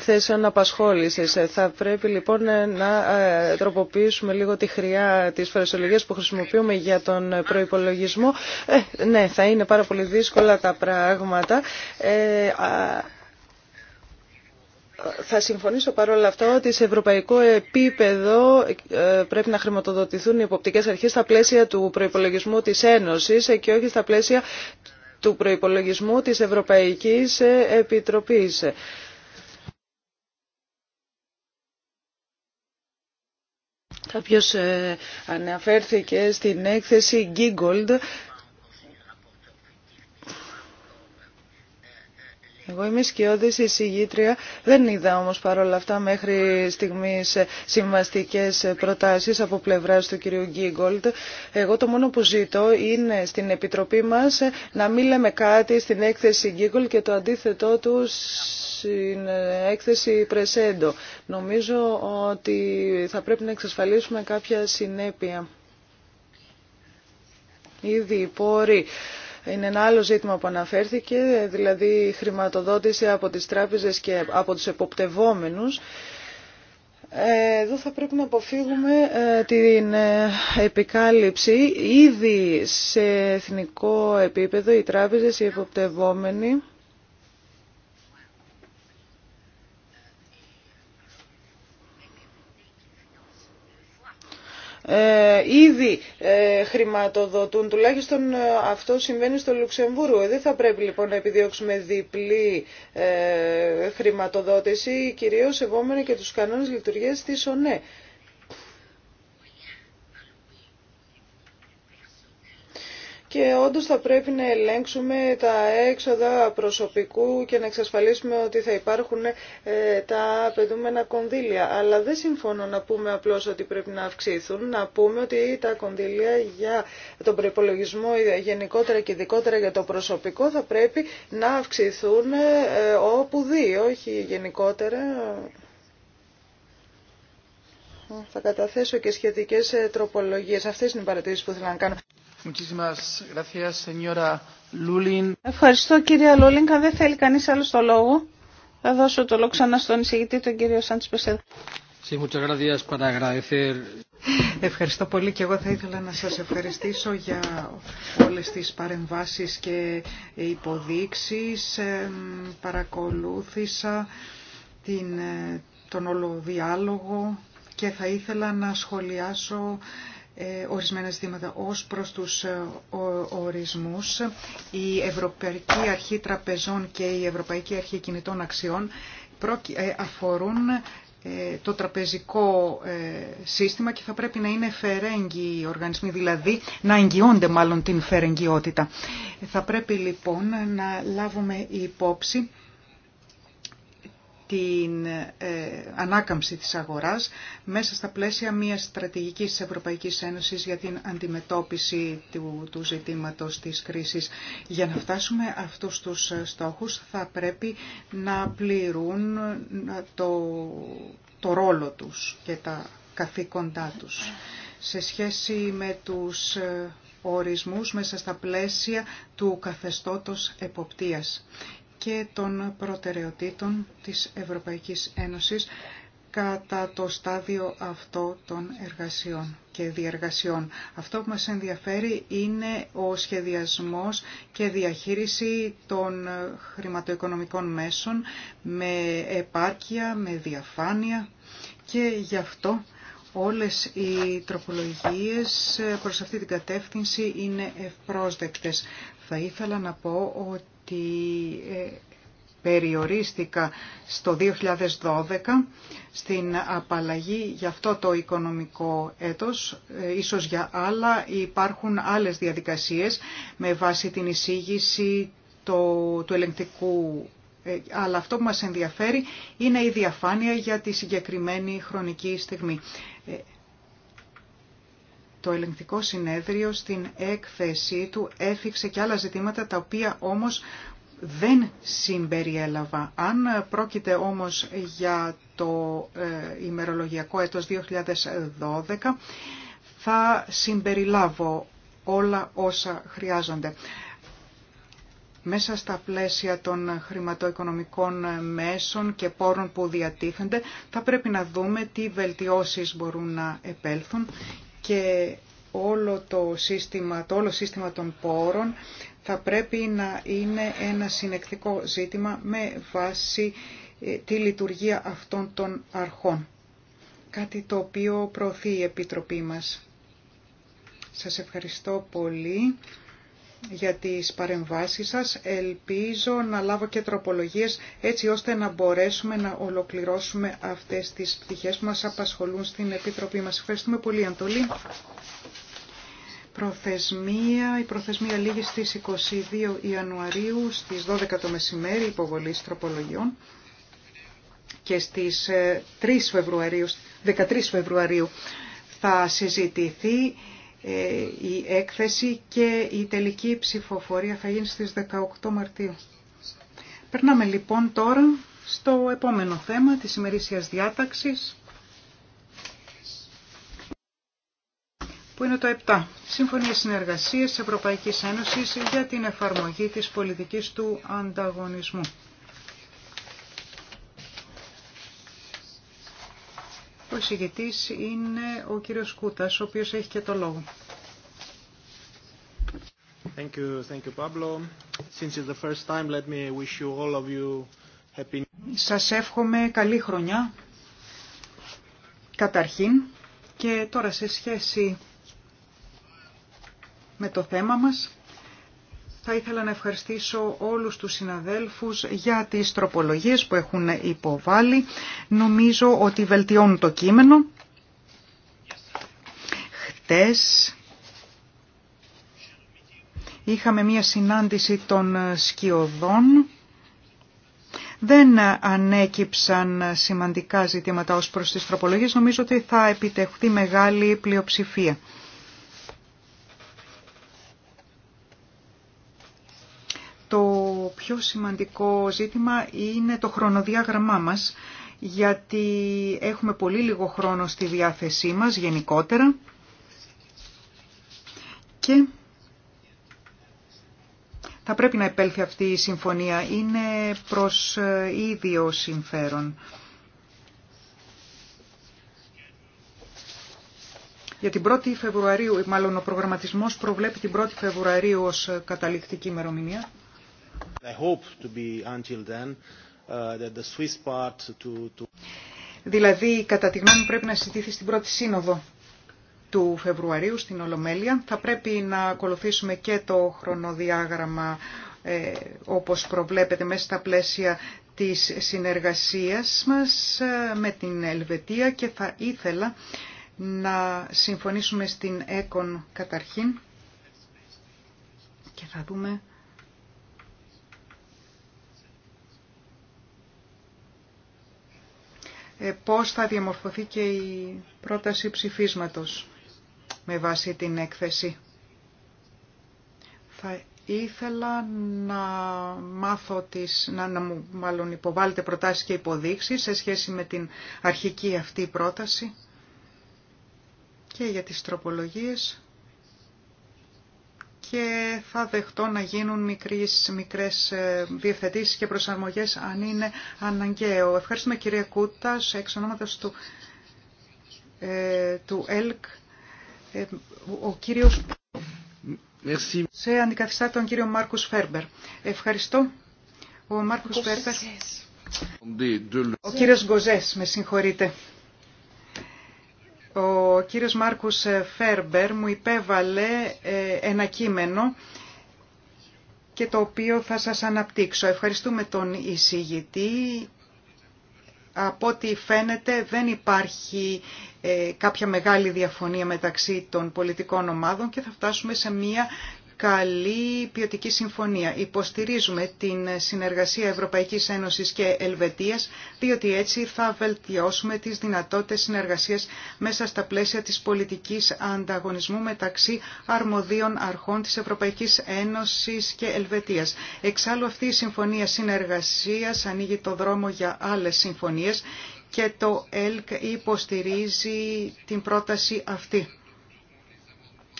θέσεων απασχόληση. Θα πρέπει λοιπόν να ε, τροποποιήσουμε λίγο τη χρειά τη φαρασιολογίας που χρησιμοποιούμε για τον προπολογισμό. Ε, ναι, θα είναι πάρα πολύ δύσκολα τα πράγματα. Ε, Θα συμφωνήσω παρόλα αυτά ότι σε ευρωπαϊκό επίπεδο ε, πρέπει να χρηματοδοτηθούν οι υποπτικές αρχές στα πλαίσια του προϋπολογισμού της Ένωσης και όχι στα πλαίσια του προϋπολογισμού της Ευρωπαϊκής Επιτροπής. Κάποιος ε, αναφέρθηκε στην έκθεση Giggold Εγώ είμαι σκιώδης εισηγήτρια, δεν είδα όμως παρόλα αυτά μέχρι στιγμής συμβαστικέ προτάσεις από πλευράς του κυρίου Γκίγκολτ. Εγώ το μόνο που ζητώ είναι στην Επιτροπή μας να μην λέμε κάτι στην έκθεση Γκίγκολτ και το αντίθετό του στην έκθεση Πρεσέντο. Νομίζω ότι θα πρέπει να εξασφαλίσουμε κάποια συνέπεια. Ήδη οι είναι ένα άλλο ζήτημα που αναφέρθηκε, δηλαδή η χρηματοδότηση από τις τράπεζες και από τους εποπτευόμενους. Ε, εδώ θα πρέπει να αποφύγουμε ε, την ε, επικάλυψη. Ήδη σε εθνικό επίπεδο οι τράπεζες, οι εποπτευόμενοι, Ε, ήδη ε, χρηματοδοτούν. Τουλάχιστον ε, αυτό συμβαίνει στο Λουξεμβούργο. Δεν θα πρέπει λοιπόν να επιδιώξουμε διπλή χρηματοδότηση, κυρίως σεβόμενοι και τους κανόνες λειτουργίας της ΟΝΕ. και όντως θα πρέπει να ελέγξουμε τα έξοδα προσωπικού και να εξασφαλίσουμε ότι θα υπάρχουν ε, τα απαιτούμενα κονδύλια. Αλλά δεν συμφωνώ να πούμε απλώς ότι πρέπει να αυξήθουν, να πούμε ότι τα κονδύλια για τον προπολογισμό γενικότερα και ειδικότερα για το προσωπικό θα πρέπει να αυξηθούν ε, όπου δει, όχι γενικότερα. Θα καταθέσω και σχετικές ε, τροπολογίες. Αυτές είναι οι παρατηρήσεις που ήθελα να κάνω. Ευχαριστώ κυρία Λούλινγκ. Αν δεν θέλει κανείς άλλο το λόγο, θα δώσω το λόγο ξανά στον εισηγητή, τον κύριο Σάντς Πεσέδα. Ευχαριστώ πολύ και εγώ θα ήθελα να σας ευχαριστήσω για όλες τις παρεμβάσεις και υποδείξεις. Παρακολούθησα την, ε, τον όλο διάλογο και θα ήθελα να σχολιάσω ε, ορισμένα ζητήματα ως προς τους ε, ορισμούς. Η Ευρωπαϊκή Αρχή Τραπεζών και η Ευρωπαϊκή Αρχή Κινητών Αξιών ε, αφορούν το τραπεζικό σύστημα και θα πρέπει να είναι φερέγγοι οι οργανισμοί, δηλαδή να εγγυώνται μάλλον την φερεγγιότητα. Θα πρέπει λοιπόν να λάβουμε υπόψη την ε, ανάκαμψη της αγοράς μέσα στα πλαίσια μιας στρατηγικής της Ευρωπαϊκής Ένωσης για την αντιμετώπιση του, του ζητήματος της κρίσης. Για να φτάσουμε αυτούς τους στόχους θα πρέπει να πληρούν το, το ρόλο τους και τα καθήκοντά τους. Σε σχέση με τους ε, ορισμούς μέσα στα πλαίσια του καθεστώτος εποπτείας και των προτεραιοτήτων της Ευρωπαϊκής Ένωσης κατά το στάδιο αυτό των εργασιών και διεργασιών. Αυτό που μας ενδιαφέρει είναι ο σχεδιασμός και διαχείριση των χρηματοοικονομικών μέσων με επάρκεια, με διαφάνεια και γι' αυτό όλες οι τροπολογίες προς αυτή την κατεύθυνση είναι ευπρόσδεκτες. Θα ήθελα να πω ότι ότι ε, περιορίστηκα στο 2012 στην απαλλαγή για αυτό το οικονομικό έτος. Ε, ίσως για άλλα υπάρχουν άλλες διαδικασίες με βάση την εισήγηση το, του ελεγκτικού ε, αλλά αυτό που μας ενδιαφέρει είναι η διαφάνεια για τη συγκεκριμένη χρονική στιγμή το ελεγκτικό συνέδριο στην έκθεσή του έφυξε και άλλα ζητήματα τα οποία όμως δεν συμπεριέλαβα. Αν πρόκειται όμως για το ε, ημερολογιακό έτος 2012 θα συμπεριλάβω όλα όσα χρειάζονται. Μέσα στα πλαίσια των χρηματοοικονομικών μέσων και πόρων που διατίθενται θα πρέπει να δούμε τι βελτιώσεις μπορούν να επέλθουν και όλο το σύστημα, το όλο σύστημα των πόρων θα πρέπει να είναι ένα συνεκτικό ζήτημα με βάση ε, τη λειτουργία αυτών των αρχών. Κάτι το οποίο προωθεί η Επιτροπή μας. Σας ευχαριστώ πολύ για τις παρεμβάσεις σας. Ελπίζω να λάβω και τροπολογίες έτσι ώστε να μπορέσουμε να ολοκληρώσουμε αυτές τις πτυχές που μας απασχολούν στην Επιτροπή μας. Ευχαριστούμε πολύ Αντολή. Προθεσμία, η προθεσμία λήγει στις 22 Ιανουαρίου στις 12 το μεσημέρι υποβολής τροπολογιών και στις 3 ε, Φεβρουαρίου, 13 Φεβρουαρίου θα συζητηθεί ε, η έκθεση και η τελική ψηφοφορία θα γίνει στις 18 Μαρτίου. Περνάμε λοιπόν τώρα στο επόμενο θέμα της ημερήσιας διάταξης που είναι το 7. Σύμφωνη συνεργασίες Ευρωπαϊκής Ένωσης για την εφαρμογή της πολιτικής του ανταγωνισμού. Ο εισηγητής είναι ο κύριος Κούτας, ο οποίος έχει και το λόγο. Thank you, thank you, Pablo. Since it's the first time, let me wish you all of you happy. Σας εύχομαι καλή χρονιά. Καταρχήν και τώρα σε σχέση με το θέμα μας θα ήθελα να ευχαριστήσω όλους τους συναδέλφους για τις τροπολογίες που έχουν υποβάλει. Νομίζω ότι βελτιώνουν το κείμενο. Χτες είχαμε μία συνάντηση των σκιωδών. Δεν ανέκυψαν σημαντικά ζητήματα ως προς τις τροπολογίες. Νομίζω ότι θα επιτευχθεί μεγάλη πλειοψηφία. πιο σημαντικό ζήτημα είναι το χρονοδιάγραμμά μας, γιατί έχουμε πολύ λίγο χρόνο στη διάθεσή μας γενικότερα και θα πρέπει να επέλθει αυτή η συμφωνία. Είναι προς ε, ίδιο συμφέρον. Για την 1η Φεβρουαρίου, μάλλον ο προγραμματισμός προβλέπει την 1η Φεβρουαρίου ως ε, καταληκτική ημερομηνία. I Δηλαδή, κατά τη γνώμη πρέπει να συζητήθει στην πρώτη σύνοδο του Φεβρουαρίου στην Ολομέλεια. Θα πρέπει να ακολουθήσουμε και το χρονοδιάγραμμα ε, όπως προβλέπεται μέσα στα πλαίσια της συνεργασίας μας ε, με την Ελβετία και θα ήθελα να συμφωνήσουμε στην ΕΚΟΝ καταρχήν και θα δούμε Ε, πώς θα διαμορφωθεί και η πρόταση ψηφίσματος με βάση την έκθεση. Θα ήθελα να μάθω τις, να, να μου μάλλον υποβάλλετε προτάσεις και υποδείξεις σε σχέση με την αρχική αυτή πρόταση και για τις τροπολογίες και θα δεχτώ να γίνουν μικρές, μικρές ε, διευθετήσεις και προσαρμογές αν είναι αναγκαίο. Ευχαριστούμε κυρία Κούτα, έξω ονόματος του, ε, του ΕΛΚ, ε, ο κύριος... Merci. Σε αντικαθιστά τον κύριο Μάρκους Φέρμπερ. Ευχαριστώ. Ο Μάρκους Φέρμπερ. Ο κύριος Γκοζές, με συγχωρείτε. Ο κύριος Μάρκους Φέρμπερ μου υπέβαλε ε, ένα κείμενο και το οποίο θα σας αναπτύξω. Ευχαριστούμε τον εισηγητή. Από ό,τι φαίνεται δεν υπάρχει ε, κάποια μεγάλη διαφωνία μεταξύ των πολιτικών ομάδων και θα φτάσουμε σε μία καλή ποιοτική συμφωνία. Υποστηρίζουμε την συνεργασία Ευρωπαϊκής Ένωσης και Ελβετίας, διότι έτσι θα βελτιώσουμε τις δυνατότητες συνεργασίας μέσα στα πλαίσια της πολιτικής ανταγωνισμού μεταξύ αρμοδίων αρχών της Ευρωπαϊκής Ένωσης και Ελβετίας. Εξάλλου αυτή η συμφωνία συνεργασίας ανοίγει το δρόμο για άλλες συμφωνίες και το ΕΛΚ υποστηρίζει την πρόταση αυτή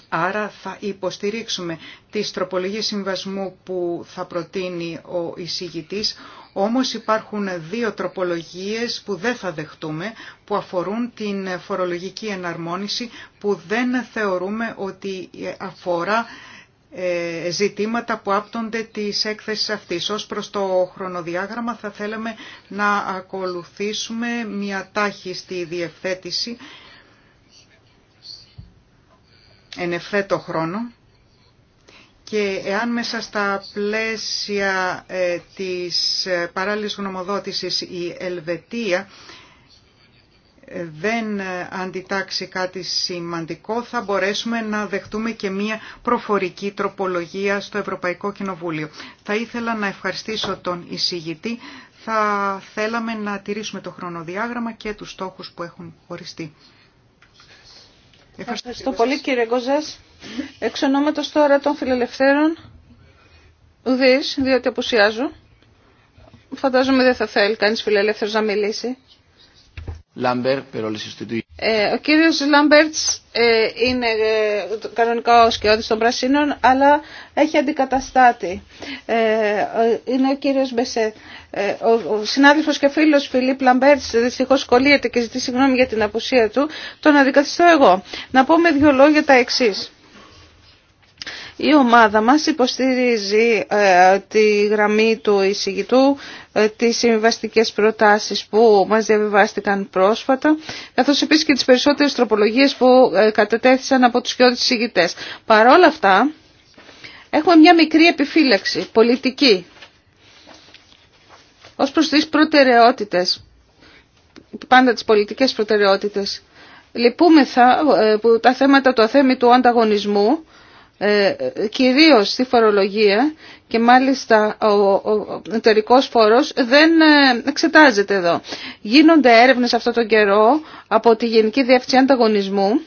Άρα θα υποστηρίξουμε τις τροπολογίες συμβασμού που θα προτείνει ο εισηγητής, όμως υπάρχουν δύο τροπολογίες που δεν θα δεχτούμε, που αφορούν την φορολογική εναρμόνιση, που δεν θεωρούμε ότι αφορά ε, ζητήματα που άπτονται της έκθεσης αυτής. Ως προς το χρονοδιάγραμμα θα θέλαμε να ακολουθήσουμε μια τάχη στη διευθέτηση εν ευθέτω χρόνο και εάν μέσα στα πλαίσια ε, της ε, παράλληλης γνωμοδότησης η Ελβετία ε, δεν αντιτάξει κάτι σημαντικό θα μπορέσουμε να δεχτούμε και μία προφορική τροπολογία στο Ευρωπαϊκό Κοινοβούλιο. Θα ήθελα να ευχαριστήσω τον εισηγητή. Θα θέλαμε να τηρήσουμε το χρονοδιάγραμμα και τους στόχους που έχουν οριστεί. Ευχαριστώ, πολύ κύριε Γκοζές. Εξ ονόματος τώρα των φιλελευθέρων, ουδής, διότι απουσιάζω. Φαντάζομαι δεν θα θέλει κανείς φιλελεύθερος να μιλήσει. Ε, ο κύριος Λάμπερτς ε, είναι ε, κανονικά ο σκιώδης των Πρασίνων, αλλά έχει αντικαταστάτη. είναι ο κύριος Μπεσέ. ο, συνάδελφος και φίλος Φιλίπ Λαμπέρτς δυστυχώς κολλείεται και ζητεί συγγνώμη για την απουσία του. Τον αντικαθιστώ εγώ. Να πω με δύο λόγια τα εξής. Η ομάδα μας υποστηρίζει ε, τη γραμμή του εισηγητού, ε, τις συμβαστικέ προτάσεις που μας διαβιβάστηκαν πρόσφατα, καθώς επίσης και τις περισσότερες τροπολογίες που ε, κατετέθησαν από τους κοιότητες εισηγητές. Παρόλα αυτά, έχουμε μια μικρή επιφύλαξη πολιτική ως προς τις προτεραιότητες, πάντα τις πολιτικές προτεραιότητες. Λυπούμεθα που τα θέματα του αθέμη του ανταγωνισμού ε, κυρίως στη φορολογία και μάλιστα ο εταιρικός φόρος δεν ε, εξετάζεται εδώ. Γίνονται έρευνες αυτόν τον καιρό από τη Γενική Διεύθυνση Ανταγωνισμού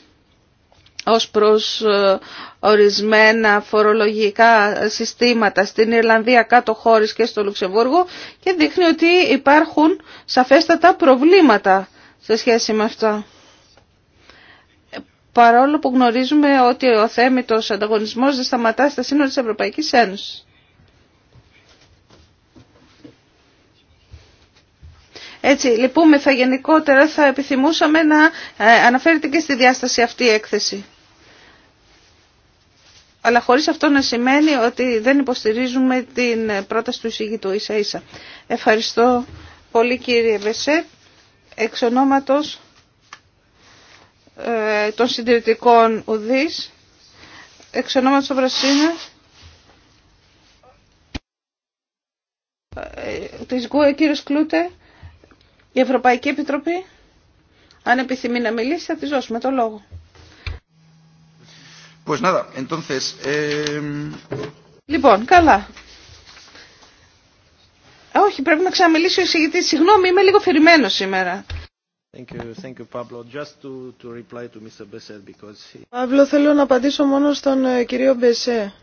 ως προς ε, ορισμένα φορολογικά συστήματα στην Ιρλανδία, κάτω χώρες και στο Λουξεμβούργο και δείχνει ότι υπάρχουν σαφέστατα προβλήματα σε σχέση με αυτά παρόλο που γνωρίζουμε ότι ο θέμητος ανταγωνισμός δεν σταματά στα σύνορα της Ευρωπαϊκής Ένωσης. Έτσι, λυπούμεθα γενικότερα, θα επιθυμούσαμε να ε, αναφέρεται και στη διάσταση αυτή η έκθεση. Αλλά χωρίς αυτό να σημαίνει ότι δεν υποστηρίζουμε την πρόταση του εισηγητού ίσα ίσα. Ευχαριστώ πολύ κύριε Βεσέ, εξ ονόματος ε, των συντηρητικών ουδής, εξ ονόματος των ε, της ΓΟΕ, κύριος Κλούτε, η Ευρωπαϊκή Επιτροπή, αν επιθυμεί να μιλήσει, θα της δώσουμε το λόγο. Pues nada, entonces, ε, Λοιπόν, καλά. Όχι, πρέπει να ξαναμιλήσει ο εισηγητής. Συγγνώμη, είμαι λίγο φερημένο σήμερα. Thank Παύλο, θέλω να απαντήσω μόνο στον ε, κύριο Μπεσέ.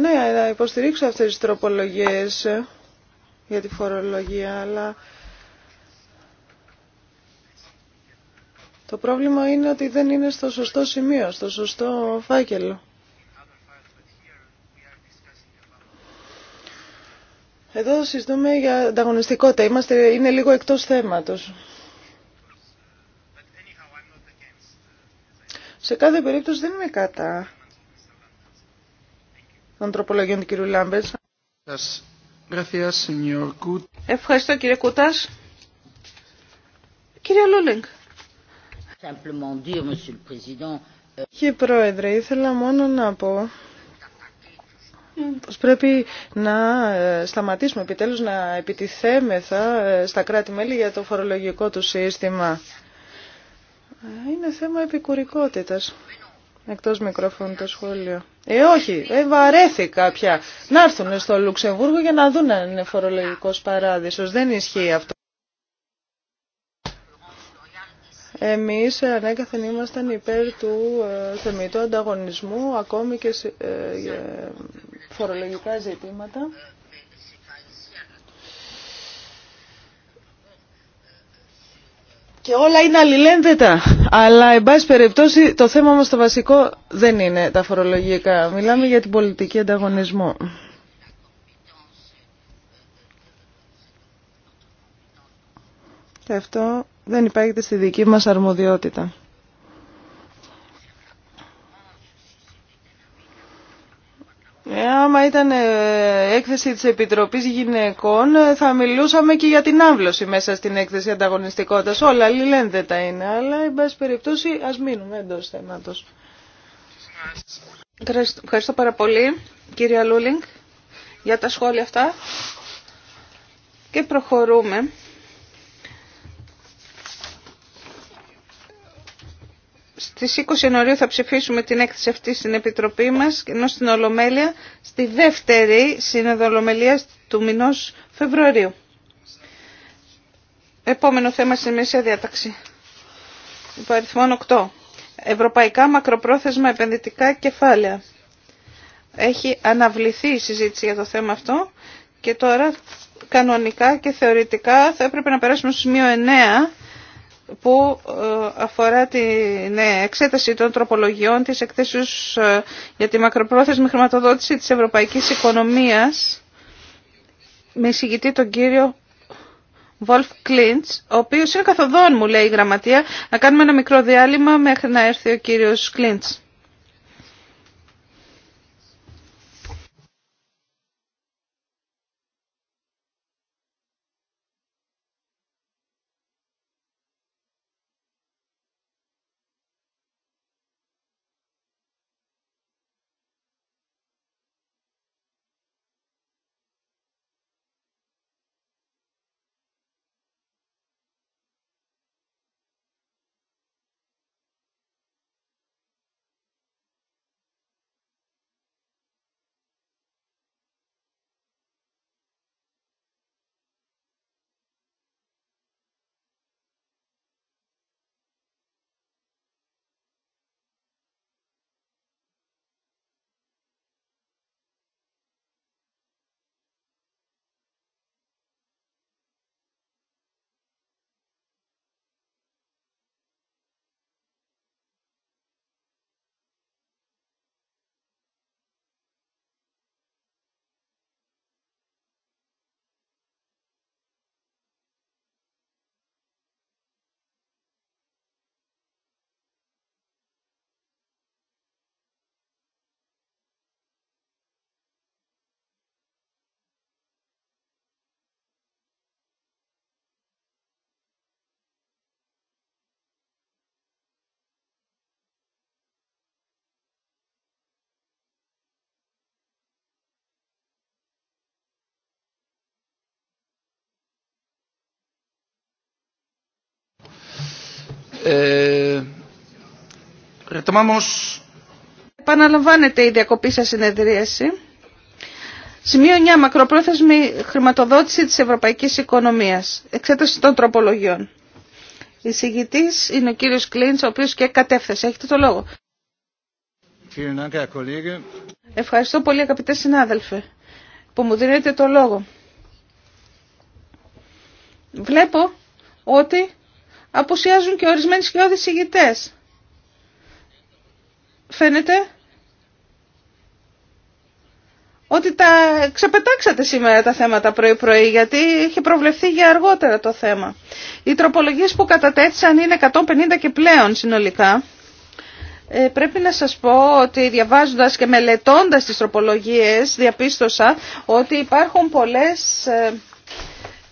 Ναι, να υποστηρίξω αυτές τις τροπολογίες ε, για τη φορολογία, αλλά το πρόβλημα είναι ότι δεν είναι στο σωστό σημείο, στο σωστό φάκελο. Εδώ συζητούμε για ανταγωνιστικότητα. Είμαστε, είναι λίγο εκτός θέματος. Σε κάθε περίπτωση δεν είμαι κατά ανθρωπολογιών του κύριου Λάμπερτς. Ευχαριστώ κύριε Κούτας. Κύριε Λούλινγκ. Euh, κύριε Πρόεδρε, ήθελα μόνο να πω πως πρέπει να ε, σταματήσουμε επιτέλους να επιτιθέμεθα ε, στα κράτη-μέλη για το φορολογικό του σύστημα. Ε, είναι θέμα επικουρικότητας. Εκτός μικρόφωνου το σχόλιο. Ε, όχι, ε, βαρέθηκα πια. Να έρθουν στο Λουξεμβούργο για να δουν αν είναι φορολογικός παράδεισος. Δεν ισχύει αυτό. Εμείς ανέκαθεν ήμασταν υπέρ του ε, θεμητού ανταγωνισμού ακόμη και φορολογικά ζητήματα. Και όλα είναι αλληλένδετα. Αλλά, εν πάση περιπτώσει, το θέμα μας το βασικό δεν είναι τα φορολογικά. Μιλάμε για την πολιτική ανταγωνισμό. Και αυτό δεν υπάρχει στη δική μας αρμοδιότητα. Ε, άμα ήταν ε, έκθεση της Επιτροπής Γυναικών ε, θα μιλούσαμε και για την άμβλωση μέσα στην έκθεση ανταγωνιστικότητας. Όλα τα είναι, αλλά εν πάση περιπτώσει ας μείνουμε εντός θέματος. Ευχαριστώ πάρα πολύ κύριε Λούλινγκ για τα σχόλια αυτά και προχωρούμε. Στις 20 Ιανουαρίου θα ψηφίσουμε την έκθεση αυτή στην Επιτροπή μας, ενώ στην Ολομέλεια, στη δεύτερη Σύνοδο Ολομελίας του μηνός Φεβρουαρίου. Επόμενο θέμα στη Μεσαία Διάταξη. Υπαριθμόν 8. Ευρωπαϊκά μακροπρόθεσμα επενδυτικά κεφάλαια. Έχει αναβληθεί η συζήτηση για το θέμα αυτό και τώρα κανονικά και θεωρητικά θα έπρεπε να περάσουμε στο σημείο 9 που ε, αφορά την ε, εξέταση των τροπολογιών της εκθέσεως ε, για τη μακροπρόθεσμη χρηματοδότηση της ευρωπαϊκής οικονομίας με εισηγητή τον κύριο Βολφ Κλίντς, ο οποίος είναι καθοδόν μου λέει η γραμματεία, να κάνουμε ένα μικρό διάλειμμα μέχρι να έρθει ο κύριος Κλίντς. Ε, Επαναλαμβάνεται η διακοπή σας συνεδρίαση. Σημείο 9. Μακροπρόθεσμη χρηματοδότηση της ευρωπαϊκής οικονομίας. Εξέταση των τροπολογιών. Η συγητής είναι ο κύριος Κλίντς, ο οποίος και κατέφθασε. Έχετε το λόγο. Ευχαριστώ πολύ αγαπητέ συνάδελφε που μου δίνετε το λόγο. Βλέπω ότι Αποσιάζουν και ορισμένοι σκιώδεις ηγητές. Φαίνεται ότι τα ξεπετάξατε σήμερα τα θέματα πρωί-πρωί, γιατί είχε προβλεφθεί για αργότερα το θέμα. Οι τροπολογίες που κατατέθησαν είναι 150 και πλέον συνολικά. Ε, πρέπει να σας πω ότι διαβάζοντας και μελετώντας τις τροπολογίες διαπίστωσα ότι υπάρχουν πολλές ε,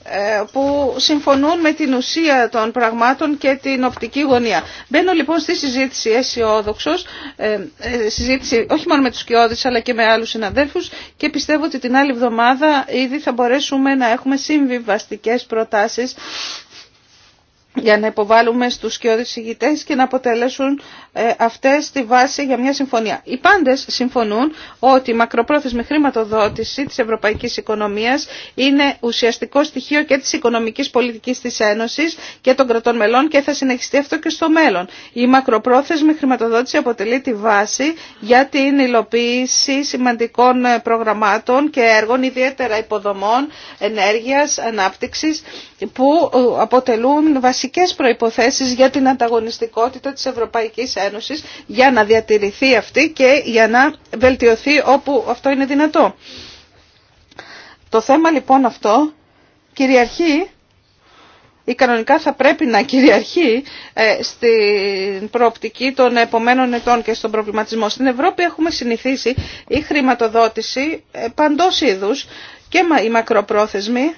ε, που συμφωνούν με την ουσία των πραγμάτων και την οπτική γωνία. Μπαίνω λοιπόν στη συζήτηση αισιόδοξο, ε, ε, συζήτηση όχι μόνο με τους κοιόδης αλλά και με άλλους συναδέλφους και πιστεύω ότι την άλλη εβδομάδα ήδη θα μπορέσουμε να έχουμε συμβιβαστικές προτάσεις για να υποβάλουμε στους σκιώδες ηγητές και να αποτελέσουν ε, αυτές τη βάση για μια συμφωνία. Οι πάντες συμφωνούν ότι η μακροπρόθεσμη χρηματοδότηση της ευρωπαϊκής οικονομίας είναι ουσιαστικό στοιχείο και της οικονομικής πολιτικής της Ένωσης και των κρατών μελών και θα συνεχιστεί αυτό και στο μέλλον. Η μακροπρόθεσμη χρηματοδότηση αποτελεί τη βάση για την υλοποίηση σημαντικών ε, προγραμμάτων και έργων, ιδιαίτερα υποδομών, ενέργειας, ανάπτυξης, που ε, αποτελούν βασικά βασικές προϋποθέσεις για την ανταγωνιστικότητα της Ευρωπαϊκής Ένωσης για να διατηρηθεί αυτή και για να βελτιωθεί όπου αυτό είναι δυνατό. Το θέμα λοιπόν αυτό κυριαρχεί ή κανονικά θα πρέπει να κυριαρχεί ε, στην προοπτική των επομένων ετών και στον προβληματισμό. Στην Ευρώπη έχουμε συνηθίσει η χρηματοδότηση ε, παντός είδους και οι μακροπρόθεσμη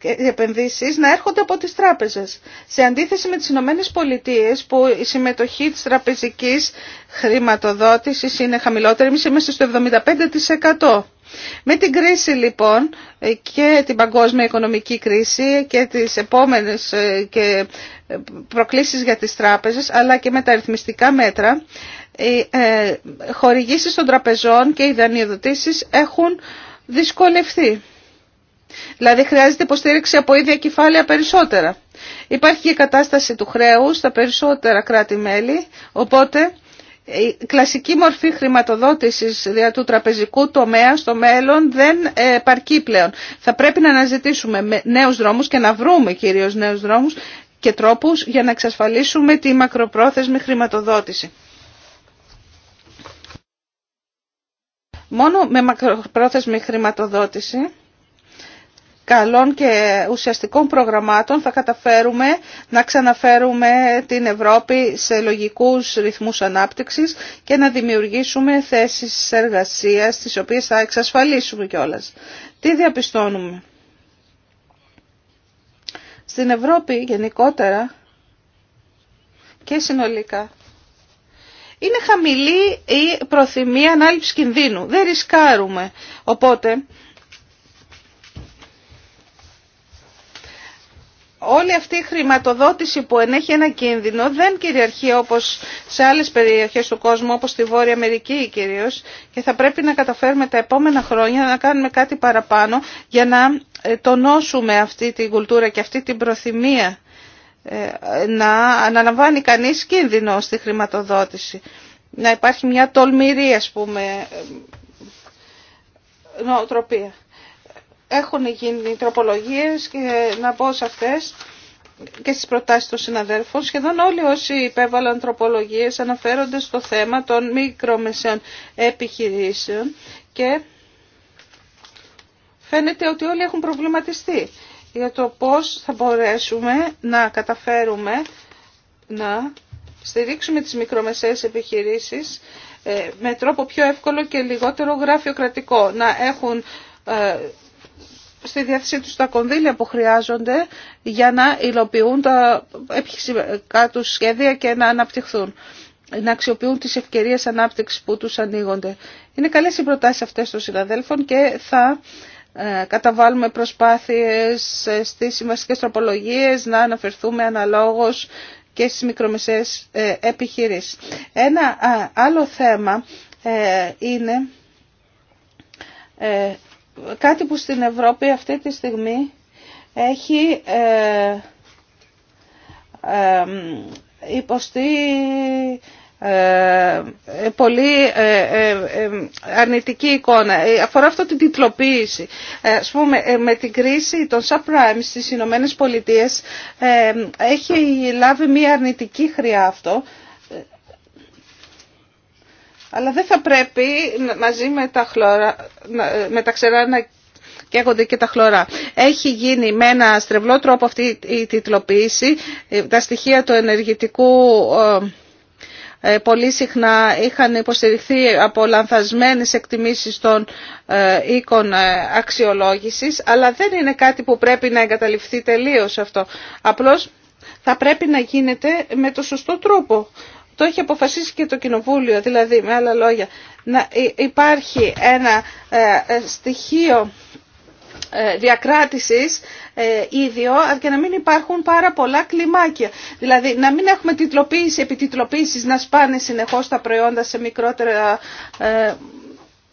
ε, οι επενδύσεις να έρχονται από τις τράπεζες. Σε αντίθεση με τις Ηνωμένε Πολιτείες που η συμμετοχή της τραπεζικής χρηματοδότησης είναι χαμηλότερη, εμείς είμαστε στο 75%. Με την κρίση λοιπόν και την παγκόσμια οικονομική κρίση και τις επόμενες ε, και προκλήσεις για τις τράπεζες αλλά και με τα αριθμιστικά μέτρα οι ε, χορηγήσεις των τραπεζών και οι δανειοδοτήσεις έχουν δυσκολευτεί. Δηλαδή χρειάζεται υποστήριξη από ίδια κεφάλαια περισσότερα. Υπάρχει και κατάσταση του χρέους στα περισσότερα κράτη-μέλη, οπότε η κλασική μορφή χρηματοδότησης δια του τραπεζικού τομέα στο μέλλον δεν παρκεί πλέον. Θα πρέπει να αναζητήσουμε νέους δρόμους και να βρούμε κυρίως νέους δρόμους και τρόπους για να εξασφαλίσουμε τη μακροπρόθεσμη χρηματοδότηση. Μόνο με μακροπρόθεσμη χρηματοδότηση καλών και ουσιαστικών προγραμμάτων θα καταφέρουμε να ξαναφέρουμε την Ευρώπη σε λογικούς ρυθμούς ανάπτυξης και να δημιουργήσουμε θέσεις εργασίας τις οποίες θα εξασφαλίσουμε κιόλας. Τι διαπιστώνουμε. Στην Ευρώπη γενικότερα και συνολικά είναι χαμηλή η προθυμία ανάληψης κινδύνου. Δεν ρισκάρουμε. Οπότε όλη αυτή η χρηματοδότηση που ενέχει ένα κίνδυνο δεν κυριαρχεί όπως σε άλλες περιοχές του κόσμου, όπως στη Βόρεια Αμερική κυρίως, και θα πρέπει να καταφέρουμε τα επόμενα χρόνια να κάνουμε κάτι παραπάνω για να ε, τονώσουμε αυτή την κουλτούρα και αυτή την προθυμία ε, να αναλαμβάνει κανείς κίνδυνο στη χρηματοδότηση. Να υπάρχει μια τολμηρή, ας πούμε, ε, νοοτροπία. Έχουν γίνει τροπολογίες και να μπω σε αυτές και στις προτάσεις των συναδέλφων. Σχεδόν όλοι όσοι υπέβαλαν τροπολογίες αναφέρονται στο θέμα των μικρομεσαίων επιχειρήσεων και φαίνεται ότι όλοι έχουν προβληματιστεί για το πώς θα μπορέσουμε να καταφέρουμε να στηρίξουμε τις μικρομεσαίες επιχειρήσεις ε, με τρόπο πιο εύκολο και λιγότερο γραφειοκρατικό. Να έχουν ε, στη διάθεσή τους τα κονδύλια που χρειάζονται για να υλοποιούν τα επιχειρηματικά τους σχέδια και να αναπτυχθούν να αξιοποιούν τις ευκαιρίες ανάπτυξης που τους ανοίγονται. Είναι καλές οι προτάσεις αυτές των συναδέλφων και θα ε, καταβάλουμε προσπάθειες ε, στις συμβασικές τροπολογίες να αναφερθούμε αναλόγως και στις μικρομεσαίες ε, επιχειρήσεις. Ένα άλλο θέμα είναι κάτι που στην Ευρώπη αυτή τη στιγμή έχει ε, ε, υποστεί ε, πολύ αρνητική εικόνα. Αφορά αυτό την τιτλοποίηση. Ας πούμε, με την κρίση των subprimes στις Ηνωμένε Πολιτείες έχει λάβει μία αρνητική χρειά αυτό αλλά δεν θα πρέπει μαζί με τα, χλωρά, με τα ξερά να καίγονται και τα χλωρά. Έχει γίνει με ένα στρεβλό τρόπο αυτή η τιτλοποίηση. Ε, τα στοιχεία του ενεργητικού ε, ε, πολύ συχνά είχαν υποστηριχθεί από λανθασμένες εκτιμήσεις των οίκων αξιολόγησης, αλλά δεν είναι κάτι που πρέπει να εγκαταλειφθεί τελείως αυτό. Απλώς θα πρέπει να γίνεται με το σωστό τρόπο το έχει αποφασίσει και το Κοινοβούλιο, δηλαδή με άλλα λόγια να υπάρχει ένα ε, ε, στοιχείο ε, διακράτησης ίδιο και να μην υπάρχουν πάρα πολλά κλιμάκια. Δηλαδή να μην έχουμε τιτλοποίηση, επιτιτλοποίησης να σπάνε συνεχώς τα προϊόντα σε μικρότερα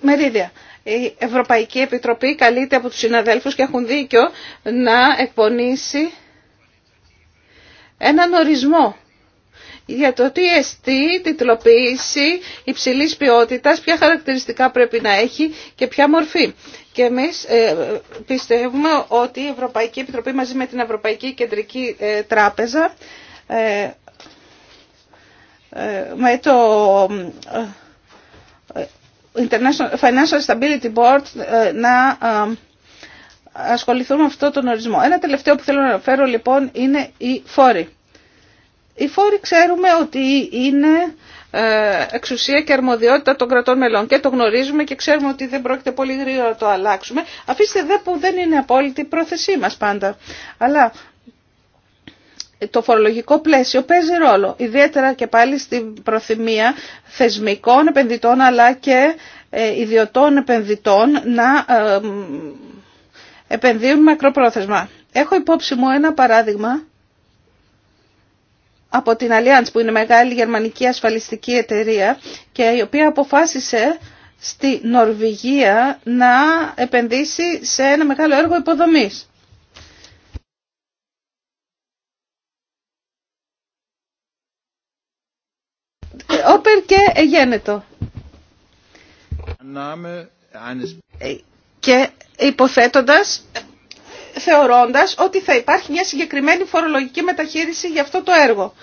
μερίδια. Η Ευρωπαϊκή Επιτροπή καλείται από τους συναδέλφους και έχουν δίκιο να εκπονήσει έναν ορισμό για το τι εστί, τιτλοποίηση υψηλής ποιότητας, ποια χαρακτηριστικά πρέπει να έχει και ποια μορφή. Και εμείς ε, πιστεύουμε ότι η Ευρωπαϊκή Επιτροπή μαζί με την Ευρωπαϊκή Κεντρική ε, Τράπεζα ε, με το International Financial Stability Board να ασχοληθούν με αυτό τον ορισμό. Ένα τελευταίο που θέλω να αναφέρω λοιπόν είναι οι φόροι. Οι φόροι ξέρουμε ότι είναι ε, εξουσία και αρμοδιότητα των κρατών μελών και το γνωρίζουμε και ξέρουμε ότι δεν πρόκειται πολύ γρήγορα να το αλλάξουμε. Αφήστε δε που δεν είναι απόλυτη η πρόθεσή μας πάντα. Αλλά το φορολογικό πλαίσιο παίζει ρόλο, ιδιαίτερα και πάλι στην προθυμία θεσμικών επενδυτών αλλά και ε, ιδιωτών επενδυτών να ε, επενδύουν μακροπρόθεσμα. Έχω υπόψη μου ένα παράδειγμα από την Allianz που είναι μεγάλη γερμανική ασφαλιστική εταιρεία και η οποία αποφάσισε στη Νορβηγία να επενδύσει σε ένα μεγάλο έργο υποδομής. Όπερ και Εγένετο. Ε, και υποθέτοντας θεωρώντας ότι θα υπάρχει μια συγκεκριμένη φορολογική μεταχείριση για αυτό το έργο.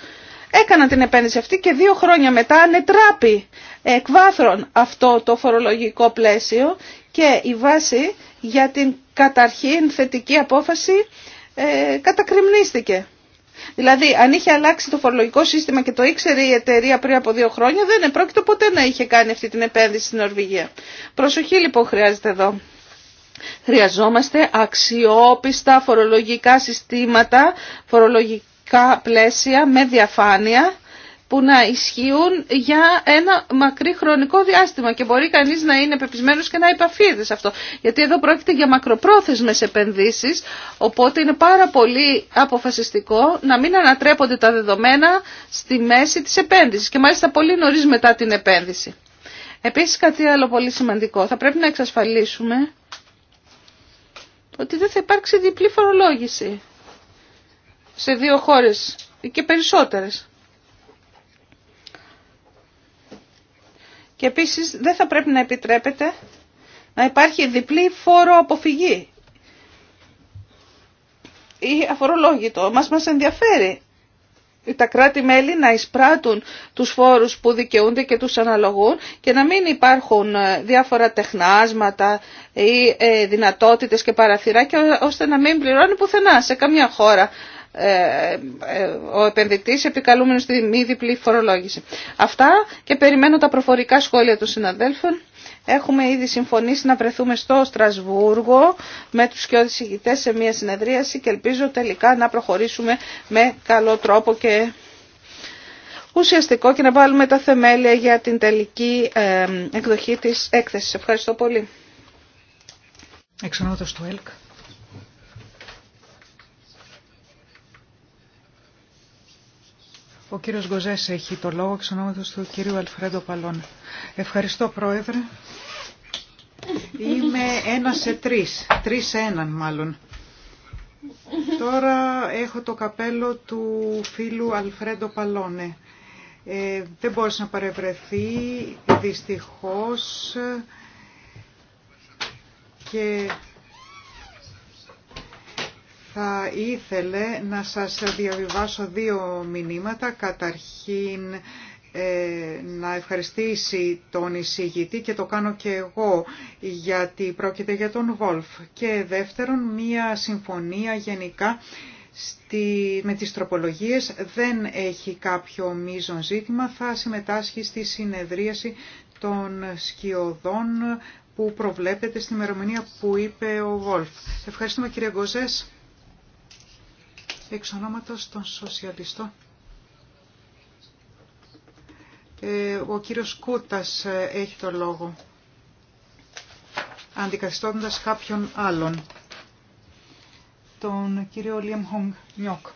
Έκανα την επένδυση αυτή και δύο χρόνια μετά ανετράπη εκβάθρων αυτό το φορολογικό πλαίσιο και η βάση για την καταρχήν θετική απόφαση ε, κατακριμνίστηκε. Δηλαδή, αν είχε αλλάξει το φορολογικό σύστημα και το ήξερε η εταιρεία πριν από δύο χρόνια, δεν επρόκειτο ποτέ να είχε κάνει αυτή την επένδυση στην Νορβηγία. Προσοχή λοιπόν χρειάζεται εδώ. Χρειαζόμαστε αξιόπιστα φορολογικά συστήματα, φορολογικά πλαίσια με διαφάνεια που να ισχύουν για ένα μακρύ χρονικό διάστημα και μπορεί κανείς να είναι πεπισμένος και να υπαφίδει σε αυτό. Γιατί εδώ πρόκειται για μακροπρόθεσμες επενδύσεις, οπότε είναι πάρα πολύ αποφασιστικό να μην ανατρέπονται τα δεδομένα στη μέση της επένδυσης και μάλιστα πολύ νωρί μετά την επένδυση. Επίσης κάτι άλλο πολύ σημαντικό, θα πρέπει να εξασφαλίσουμε ότι δεν θα υπάρξει διπλή φορολόγηση σε δύο χώρες και περισσότερες. Και επίσης δεν θα πρέπει να επιτρέπεται να υπάρχει διπλή φόρο αποφυγή ή αφορολόγητο. Μας μας ενδιαφέρει τα κράτη-μέλη να εισπράττουν τους φόρους που δικαιούνται και τους αναλογούν και να μην υπάρχουν ε, διάφορα τεχνάσματα ή ε, δυνατότητες και παραθυράκια ώστε να μην πληρώνει πουθενά σε καμιά χώρα ε, ο επενδυτής επικαλούμενος τη μη διπλή φορολόγηση. Αυτά και περιμένω τα προφορικά σχόλια των συναδέλφων Έχουμε ήδη συμφωνήσει να βρεθούμε στο Στρασβούργο με τους και ηγητές σε μια συνεδρίαση και ελπίζω τελικά να προχωρήσουμε με καλό τρόπο και ουσιαστικό και να βάλουμε τα θεμέλια για την τελική εκδοχή της έκθεσης. Ευχαριστώ πολύ. του Ο κύριος Γκοζές έχει το λόγο εξ ονόματος του κυρίου Αλφρέντο Παλών. Ευχαριστώ πρόεδρε. Είμαι ένα σε τρεις. Τρεις σε έναν μάλλον. Τώρα έχω το καπέλο του φίλου Αλφρέντο Παλώνε. Ε, δεν μπόρεσε να παρευρεθεί δυστυχώς και θα ήθελε να σας διαβιβάσω δύο μηνύματα. Καταρχήν ε, να ευχαριστήσει τον εισηγητή και το κάνω και εγώ γιατί πρόκειται για τον Βόλφ. Και δεύτερον μία συμφωνία γενικά στη, με τις τροπολογίες δεν έχει κάποιο μείζον ζήτημα. Θα συμμετάσχει στη συνεδρίαση των σκιωδών που προβλέπεται στην ημερομηνία που είπε ο Βόλφ. Ευχαριστούμε κύριε Γκοζές εξ ονόματος των σοσιαλιστών. Ε, ο κύριος Κούτας ε, έχει το λόγο, αντικαθιστώντας κάποιον άλλον, τον κύριο Λιέμ Χονγκ Νιόκ.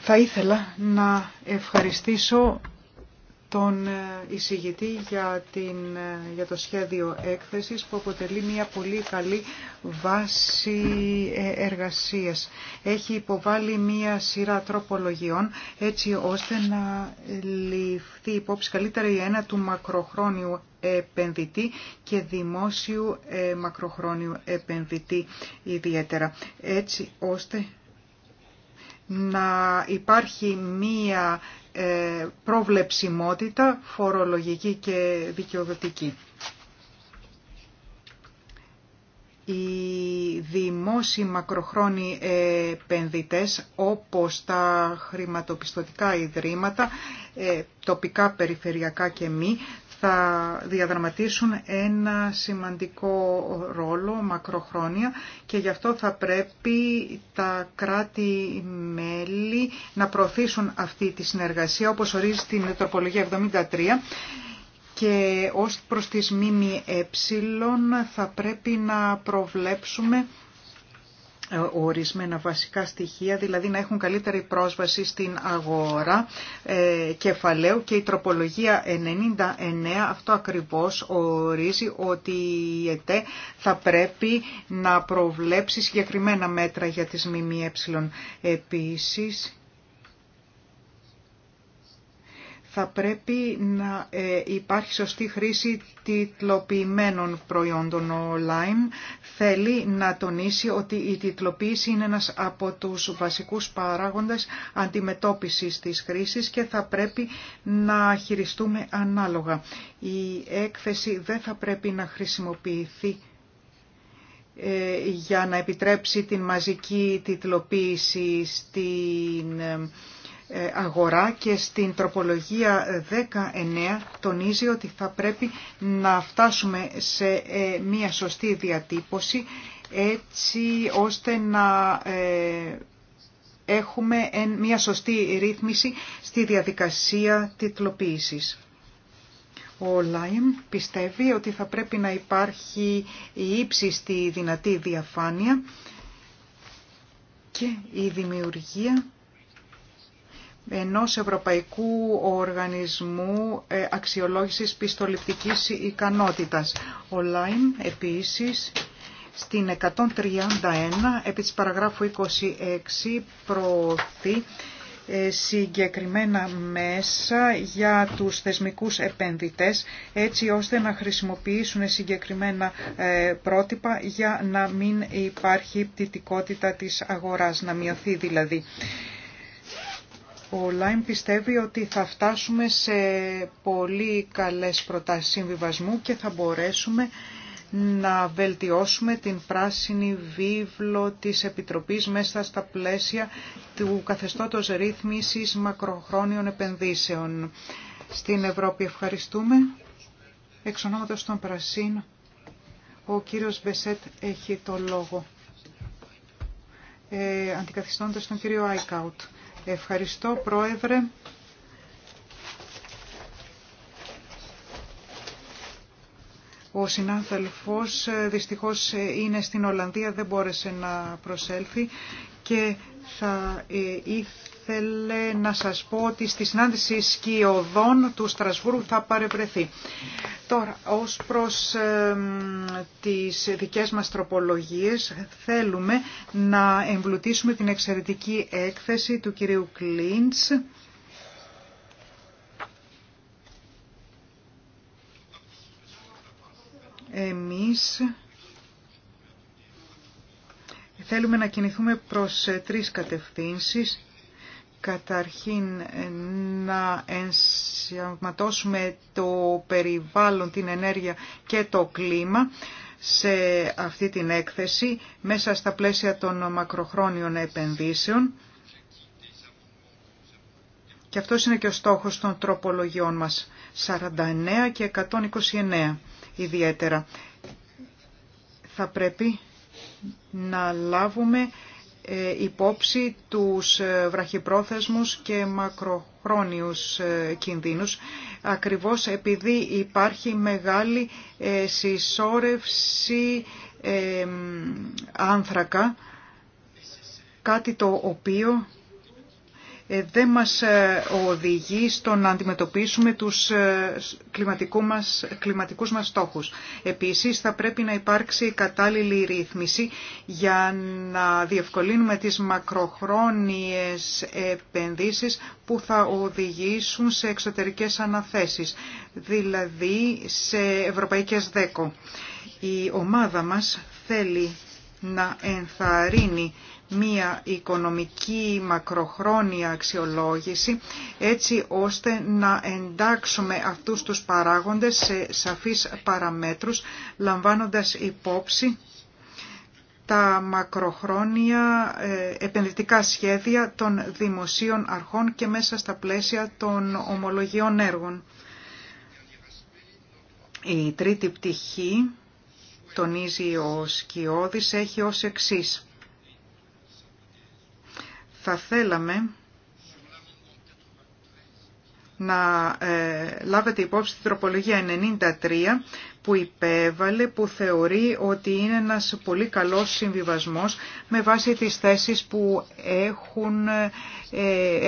Θα ήθελα να ευχαριστήσω τον ε, εισηγητή για, την, ε, για το σχέδιο έκθεσης που αποτελεί μια πολύ καλή βάση ε, εργασίας. Έχει υποβάλει μια σειρά τροπολογιών έτσι ώστε να ληφθεί υπόψη καλύτερα η ένα του μακροχρόνιου επενδυτή και δημόσιου μακροχρόνιου επενδυτή ιδιαίτερα. Έτσι ώστε να υπάρχει μία ε, προβλεψιμότητα φορολογική και δικαιοδοτική. Οι δημόσιοι μακροχρόνιοι επενδυτές όπως τα χρηματοπιστωτικά ιδρύματα, ε, τοπικά, περιφερειακά και μη, θα διαδραματίσουν ένα σημαντικό ρόλο μακροχρόνια και γι' αυτό θα πρέπει τα κράτη-μέλη να προωθήσουν αυτή τη συνεργασία όπως ορίζει την τροπολογία 73 και ως προς τις ΜΜΕ θα πρέπει να προβλέψουμε ε, ορισμένα βασικά στοιχεία, δηλαδή να έχουν καλύτερη πρόσβαση στην αγορά ε, κεφαλαίου και η τροπολογία 99 αυτό ακριβώς ορίζει ότι η ΕΤΕ θα πρέπει να προβλέψει συγκεκριμένα μέτρα για τις ΜΜΕ. Επίσης, θα πρέπει να ε, υπάρχει σωστή χρήση τιτλοποιημένων προϊόντων. online. θέλει να τονίσει ότι η τιτλοποίηση είναι ένας από τους βασικούς παράγοντες αντιμετώπισης της χρήσης και θα πρέπει να χειριστούμε ανάλογα. Η έκθεση δεν θα πρέπει να χρησιμοποιηθεί ε, για να επιτρέψει την μαζική τιτλοποίηση στην ε, ε, αγορά και στην τροπολογία 19 τονίζει ότι θα πρέπει να φτάσουμε σε ε, μία σωστή διατύπωση έτσι ώστε να ε, έχουμε μία σωστή ρύθμιση στη διαδικασία τιτλοποίησης. Ο Λάιμ πιστεύει ότι θα πρέπει να υπάρχει η ύψιστη δυνατή διαφάνεια και η δημιουργία ενός Ευρωπαϊκού Οργανισμού ε, Αξιολόγησης Πιστοληπτικής Ικανότητας. Ο ΛΑΙΜ επίσης στην 131 επί της παραγράφου 26 προωθεί ε, συγκεκριμένα μέσα για τους θεσμικούς επενδυτές έτσι ώστε να χρησιμοποιήσουν συγκεκριμένα ε, πρότυπα για να μην υπάρχει πτυτικότητα της αγοράς, να μειωθεί δηλαδή ο ΛΑΙΜ πιστεύει ότι θα φτάσουμε σε πολύ καλές προτάσεις συμβιβασμού και θα μπορέσουμε να βελτιώσουμε την πράσινη βίβλο της Επιτροπής μέσα στα πλαίσια του καθεστώτος ρύθμισης μακροχρόνιων επενδύσεων. Στην Ευρώπη ευχαριστούμε. Εξ ονόματος των Πρασίν, ο κύριος Μπεσέτ έχει το λόγο. Ε, αντικαθιστώντας τον κύριο Άικαουτ. Ευχαριστώ Πρόεδρε. Ο συνάδελφος ε, δυστυχώς ε, είναι στην Ολλανδία, δεν μπόρεσε να προσέλθει και θα ε, ήθελε να σας πω ότι στη συνάντηση σκιωδών του Στρασβούργου θα παρευρεθεί. Τώρα, ως προς ε, τις δικές μας τροπολογίες, θέλουμε να εμπλουτίσουμε την εξαιρετική έκθεση του κυρίου Κλίντς, εμείς Θέλουμε να κινηθούμε προς ε, τρεις κατευθύνσεις. Καταρχήν ε, να ενσωματώσουμε το περιβάλλον, την ενέργεια και το κλίμα σε αυτή την έκθεση μέσα στα πλαίσια των μακροχρόνιων επενδύσεων. Και αυτός είναι και ο στόχος των τροπολογιών μας. 49 και 129 ιδιαίτερα. Θα πρέπει να λάβουμε ε, υπόψη τους ε, βραχυπρόθεσμους και μακροχρόνιους ε, κινδύνους, ακριβώς επειδή υπάρχει μεγάλη συσσόρευση άνθρακα, κάτι το οποίο ε, δεν μας ε, οδηγεί στο να αντιμετωπίσουμε τους ε, κλιματικού μας, κλιματικούς μας στόχους. Επίσης θα πρέπει να υπάρξει κατάλληλη ρύθμιση για να διευκολύνουμε τις μακροχρόνιες επενδύσεις που θα οδηγήσουν σε εξωτερικές αναθέσεις, δηλαδή σε ευρωπαϊκές δέκο. Η ομάδα μας θέλει να ενθαρρύνει μία οικονομική μακροχρόνια αξιολόγηση έτσι ώστε να εντάξουμε αυτούς τους παράγοντες σε σαφείς παραμέτρους λαμβάνοντας υπόψη τα μακροχρόνια ε, επενδυτικά σχέδια των δημοσίων αρχών και μέσα στα πλαίσια των ομολογιών έργων. Η τρίτη πτυχή, τονίζει ο Σκιώδης, έχει ως εξής θα θέλαμε να ε, λάβετε υπόψη την τροπολογία 93 που υπέβαλε, που θεωρεί ότι είναι ένας πολύ καλός συμβιβασμός με βάση τις θέσεις που έχουν ε,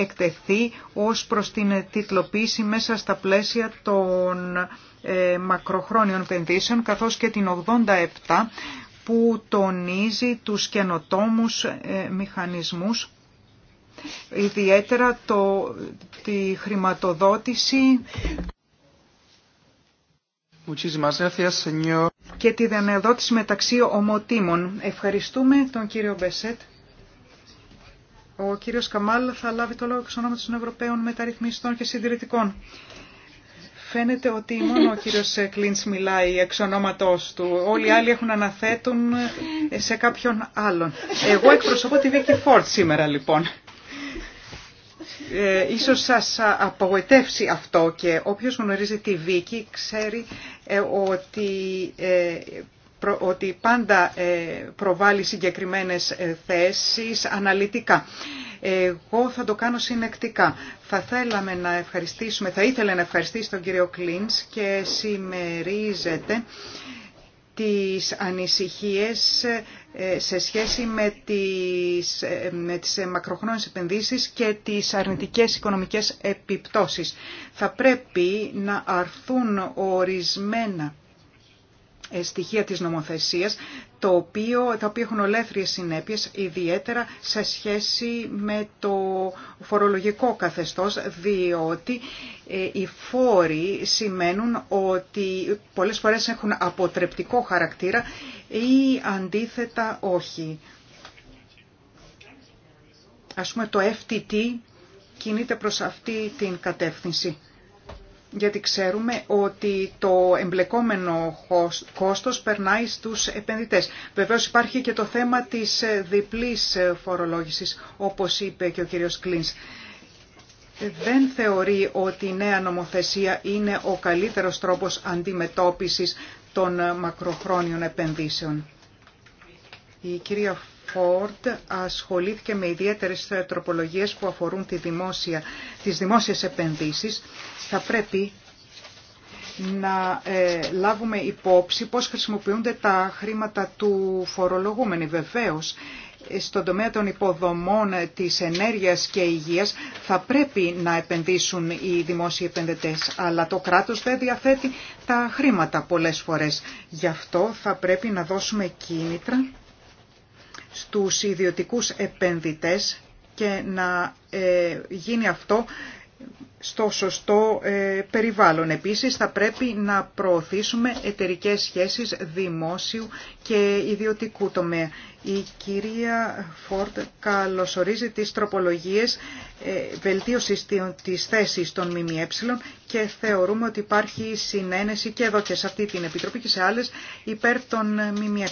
εκτεθεί ως προς την τιτλοποίηση μέσα στα πλαίσια των ε, μακροχρόνιων πεντήσεων καθώς και την 87 που τονίζει τους καινοτόμους μηχανισμούς ιδιαίτερα το, τη χρηματοδότηση και τη δανειοδότηση μεταξύ ομοτήμων. Ευχαριστούμε τον κύριο Μπεσέτ. Ο κύριος Καμάλ θα λάβει το λόγο εξ των Ευρωπαίων Μεταρρυθμιστών και Συντηρητικών. Φαίνεται ότι μόνο ο κύριος Κλίντς μιλάει εξ ονόματός του. Όλοι οι άλλοι έχουν αναθέτουν σε κάποιον άλλον. Εγώ εκπροσωπώ τη Βίκη Φόρτ σήμερα λοιπόν ε, ίσως σας απογοητεύσει αυτό και όποιος γνωρίζει τη Βίκη ξέρει ε, ότι, ε, ότι πάντα ε, προβάλλει συγκεκριμένες θέσεις αναλυτικά. Εγώ θα το κάνω συνεκτικά. Θα θέλαμε να ευχαριστήσουμε, θα ήθελα να ευχαριστήσω τον κύριο Κλίνς και συμμερίζεται τις ανησυχίες σε σχέση με τις, με τις μακροχρόνιες επενδύσεις και τις αρνητικές οικονομικές επιπτώσεις. Θα πρέπει να αρθούν ορισμένα ε, στοιχεία της νομοθεσίας, το οποίο, τα οποία έχουν ολέθριες συνέπειες, ιδιαίτερα σε σχέση με το φορολογικό καθεστώς, διότι ε, οι φόροι σημαίνουν ότι πολλές φορές έχουν αποτρεπτικό χαρακτήρα ή αντίθετα όχι. Ας πούμε το FTT κινείται προς αυτή την κατεύθυνση γιατί ξέρουμε ότι το εμπλεκόμενο κόστος περνάει στους επενδυτές. Βεβαίως υπάρχει και το θέμα της ε, διπλής ε, φορολόγησης, όπως είπε και ο κύριος Κλίνς. Δεν θεωρεί ότι η νέα νομοθεσία είναι ο καλύτερος τρόπος αντιμετώπισης των ε, μακροχρόνιων επενδύσεων. Φόρτ ασχολήθηκε με ιδιαίτερες τροπολογίες που αφορούν τη δημόσια, τις δημόσιες επενδύσεις. Θα πρέπει να ε, λάβουμε υπόψη πώς χρησιμοποιούνται τα χρήματα του φορολογούμενου Βεβαίως, ε, στον τομέα των υποδομών ε, της ενέργειας και υγείας θα πρέπει να επενδύσουν οι δημόσιοι επενδυτές, αλλά το κράτος δεν διαθέτει τα χρήματα πολλές φορές. Γι' αυτό θα πρέπει να δώσουμε κίνητρα στους ιδιωτικούς επενδυτές και να ε, γίνει αυτό στο σωστό ε, περιβάλλον. Επίσης θα πρέπει να προωθήσουμε εταιρικές σχέσεις δημόσιου και ιδιωτικού τομέα. Η κυρία Φόρτ καλωσορίζει τις τροπολογίες ε, βελτίωσης της θέσης των ΜΜΕ και θεωρούμε ότι υπάρχει συνένεση και εδώ και σε αυτή την Επιτροπή και σε άλλες υπέρ των ΜΜΕ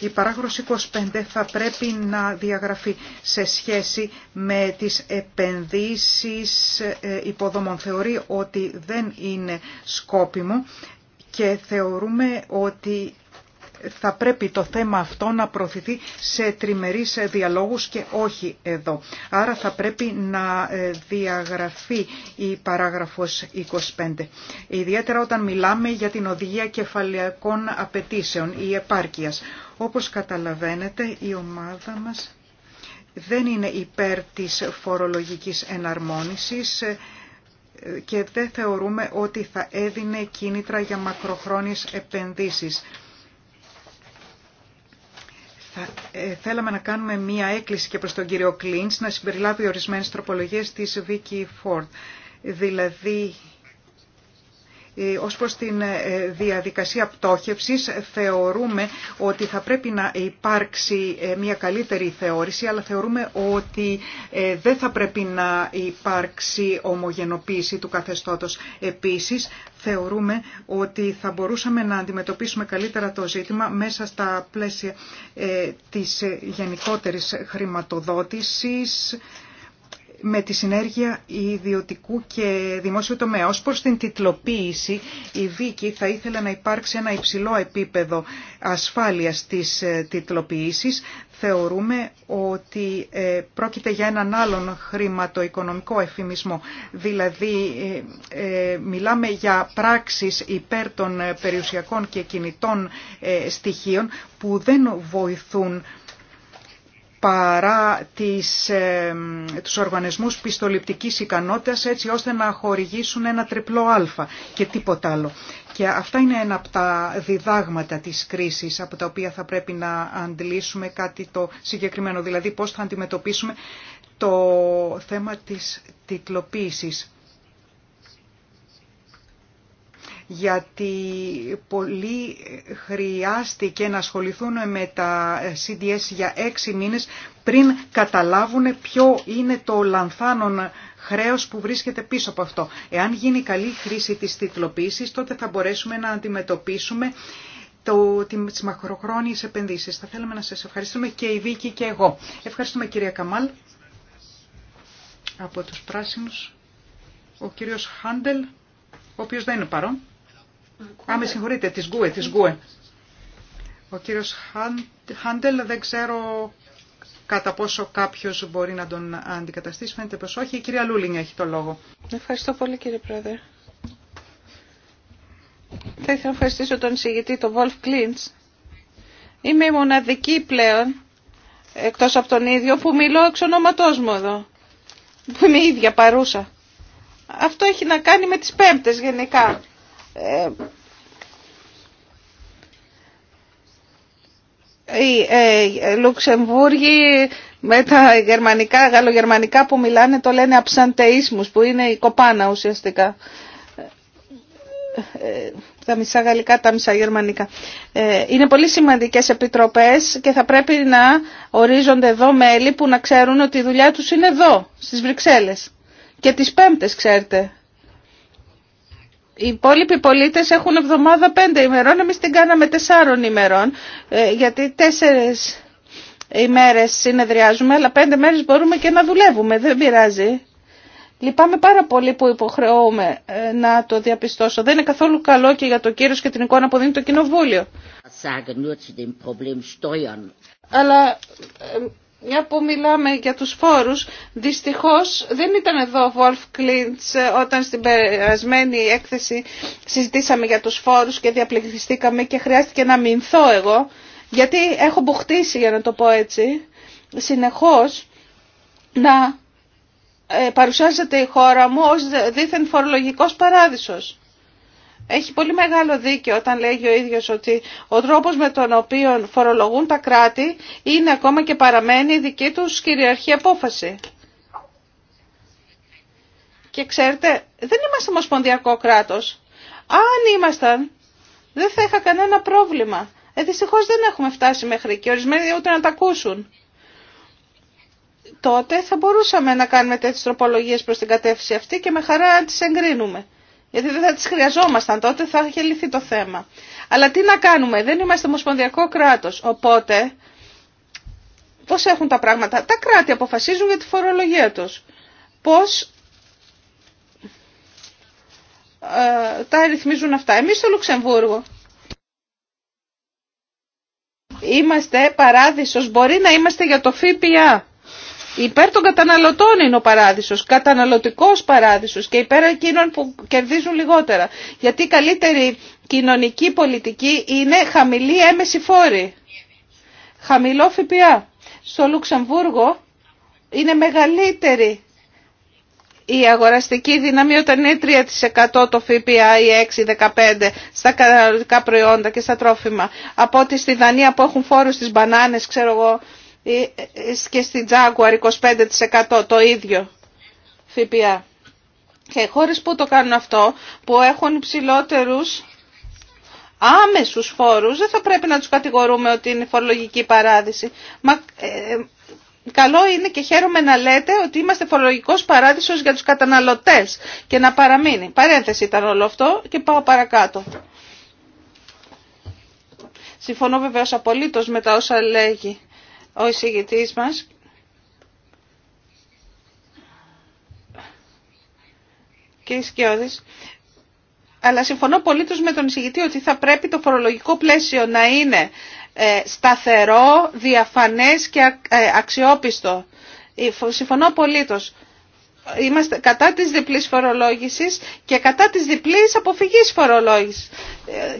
η παράγραφος 25 θα πρέπει να διαγραφεί σε σχέση με τις επενδύσεις ε, υποδομών. Θεωρεί ότι δεν είναι σκόπιμο και θεωρούμε ότι θα πρέπει το θέμα αυτό να προωθηθεί σε τριμερείς διαλόγους και όχι εδώ. Άρα θα πρέπει να ε, διαγραφεί η παράγραφος 25. Ιδιαίτερα όταν μιλάμε για την οδηγία κεφαλαιακών απαιτήσεων ή επάρκειας. Όπως καταλαβαίνετε, η ομάδα μας δεν είναι υπέρ της φορολογικής εναρμόνισης και δεν θεωρούμε ότι θα έδινε κίνητρα για μακροχρόνιες επενδύσεις. Θα, ε, θέλαμε να κάνουμε μία έκκληση και προς τον κύριο Κλίντς να συμπεριλάβει ορισμένες τροπολογίες της Vicky Ford. Δηλαδή ε, ως προς την ε, διαδικασία πτώχευσης θεωρούμε ότι θα πρέπει να υπάρξει ε, μια καλύτερη θεώρηση αλλά θεωρούμε ότι δεν θα πρέπει να υπάρξει ομογενοποίηση του καθεστώτος. Επίσης θεωρούμε ότι θα μπορούσαμε να αντιμετωπίσουμε καλύτερα το ζήτημα μέσα στα πλαίσια της γενικότερης χρηματοδότησης με τη συνέργεια ιδιωτικού και δημόσιου τομέα. Ως προς την τιτλοποίηση, η δίκη θα ήθελε να υπάρξει ένα υψηλό επίπεδο ασφάλειας της ε, τιτλοποίησης. Θεωρούμε ότι ε, πρόκειται για έναν άλλον χρηματοοικονομικό εφημισμό. Δηλαδή, ε, μιλάμε για πράξεις υπέρ των περιουσιακών και κινητών στοιχείων που δεν βοηθούν παρά τις, ε, τους οργανισμούς πιστοληπτικής ικανότητας έτσι ώστε να χορηγήσουν ένα τριπλό α και τίποτα άλλο. Και αυτά είναι ένα από τα διδάγματα της κρίσης από τα οποία θα πρέπει να αντιλήσουμε κάτι το συγκεκριμένο, δηλαδή πώς θα αντιμετωπίσουμε το θέμα της τιτλοποίησης. γιατί πολλοί χρειάστηκε να ασχοληθούν με τα CDS για έξι μήνες πριν καταλάβουν ποιο είναι το λανθάνον χρέος που βρίσκεται πίσω από αυτό. Εάν γίνει καλή χρήση της τιτλοποίησης, τότε θα μπορέσουμε να αντιμετωπίσουμε το, τις μακροχρόνιες επενδύσεις. Θα θέλαμε να σας ευχαριστούμε και η Βίκη και εγώ. Ευχαριστούμε κυρία Καμάλ. Από τους πράσινους, ο κύριος Χάντελ, ο οποίος δεν είναι παρόν. Α, με συγχωρείτε, της Γκουε, της Γκουε. Ο κύριος Χάντελ δεν ξέρω κατά πόσο κάποιος μπορεί να τον αντικαταστήσει. Φαίνεται πως όχι. Η κυρία Λούλινγκ έχει το λόγο. Ευχαριστώ πολύ κύριε Πρόεδρε. Θα ήθελα να ευχαριστήσω τον συγητή, τον Βολφ Κλίντς. Είμαι η μοναδική πλέον, εκτός από τον ίδιο, που μιλώ εξ ονόματός μου εδώ. Που είμαι η ίδια παρούσα. Αυτό έχει να κάνει με τις πέμπτες γενικά. Ε, ε, ε, οι Λουξεμβούργοι με τα γερμανικά, γαλλογερμανικά που μιλάνε το λένε αψαντεΐσμους που είναι η κοπάνα ουσιαστικά. Τα μισά γαλλικά, τα μισά γερμανικά. Είναι πολύ σημαντικές επιτροπές και θα πρέπει να ορίζονται εδώ μέλη που να ξέρουν ότι η δουλειά τους είναι εδώ, στις Βρυξέλλες. Και τις πέμπτες ξέρετε οι υπόλοιποι πολίτες έχουν εβδομάδα πέντε ημερών, Εμεί την κάναμε τεσσάρων ημερών, ε, γιατί τέσσερι ημέρες συνεδριάζουμε, αλλά πέντε μέρε μπορούμε και να δουλεύουμε, δεν πειράζει. Λυπάμαι πάρα πολύ που υποχρεώμαι ε, να το διαπιστώσω. Δεν είναι καθόλου καλό και για το κύριο και την εικόνα που δίνει το κοινοβούλιο. Αλλά ε, μια που μιλάμε για τους φόρους, δυστυχώς δεν ήταν εδώ ο Βολφ Κλίντς ε, όταν στην περασμένη έκθεση συζητήσαμε για τους φόρους και διαπληκτιστήκαμε και χρειάστηκε να μηνθώ εγώ, γιατί έχω μπουχτίσει για να το πω έτσι, συνεχώς να ε, παρουσιάζεται η χώρα μου ως δίθεν φορολογικός παράδεισος έχει πολύ μεγάλο δίκαιο όταν λέγει ο ίδιος ότι ο τρόπος με τον οποίο φορολογούν τα κράτη είναι ακόμα και παραμένει η δική τους κυριαρχή απόφαση. Και ξέρετε, δεν είμαστε μοσπονδιακό κράτος. Αν ήμασταν, δεν θα είχα κανένα πρόβλημα. Ε, δυστυχώς δεν έχουμε φτάσει μέχρι και ορισμένοι ούτε να τα ακούσουν. Τότε θα μπορούσαμε να κάνουμε τέτοιες τροπολογίες προς την κατεύθυνση αυτή και με χαρά να τις εγκρίνουμε γιατί δεν θα τις χρειαζόμασταν τότε, θα είχε λυθεί το θέμα. Αλλά τι να κάνουμε, δεν είμαστε ομοσπονδιακό κράτος, οπότε πώς έχουν τα πράγματα. Τα κράτη αποφασίζουν για τη φορολογία τους. Πώς ε, τα ρυθμίζουν αυτά. Εμείς στο Λουξεμβούργο είμαστε παράδεισος, μπορεί να είμαστε για το ΦΠΑ. Υπέρ των καταναλωτών είναι ο παράδεισος, καταναλωτικός παράδεισος και υπέρ εκείνων που κερδίζουν λιγότερα. Γιατί η καλύτερη κοινωνική πολιτική είναι χαμηλή έμεση φόρη. Χαμηλό ΦΠΑ. Στο Λουξεμβούργο είναι μεγαλύτερη η αγοραστική δύναμη όταν είναι 3% το ΦΠΑ ή 6-15% στα καταναλωτικά προϊόντα και στα τρόφιμα. Από ότι στη Δανία που έχουν φόρους στις μπανάνες, ξέρω εγώ, ε, ε, και στην Τζάγκουαρ 25% το ίδιο ΦΠΑ. Και χώρες που το κάνουν αυτό, που έχουν υψηλότερους άμεσους φόρους, δεν θα πρέπει να τους κατηγορούμε ότι είναι φορολογική παράδειση. Μα, ε, καλό είναι και χαίρομαι να λέτε ότι είμαστε φορολογικός παράδεισος για τους καταναλωτές και να παραμείνει. Παρένθεση ήταν όλο αυτό και πάω παρακάτω. Συμφωνώ βεβαίως απολύτως με τα όσα λέγει ο εισηγητής μας και οι σκιώδες. Αλλά συμφωνώ πολύ με τον εισηγητή ότι θα πρέπει το φορολογικό πλαίσιο να είναι ε, σταθερό, διαφανές και ε, αξιόπιστο. Ε, συμφωνώ απολύτως. Είμαστε κατά της διπλής φορολόγησης και κατά της διπλής αποφυγής φορολόγησης.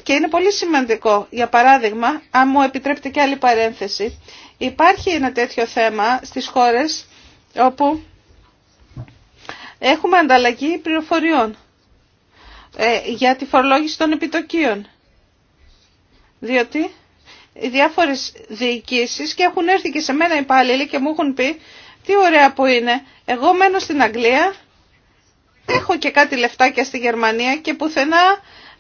Και είναι πολύ σημαντικό. Για παράδειγμα, αν μου επιτρέπετε και άλλη παρένθεση, Υπάρχει ένα τέτοιο θέμα στις χώρες όπου έχουμε ανταλλαγή πληροφοριών ε, για τη φορολόγηση των επιτοκίων. Διότι οι διάφορες διοικήσεις και έχουν έρθει και σε μένα υπάλληλοι και μου έχουν πει τι ωραία που είναι. Εγώ μένω στην Αγγλία, έχω και κάτι λεφτάκια στη Γερμανία και πουθενά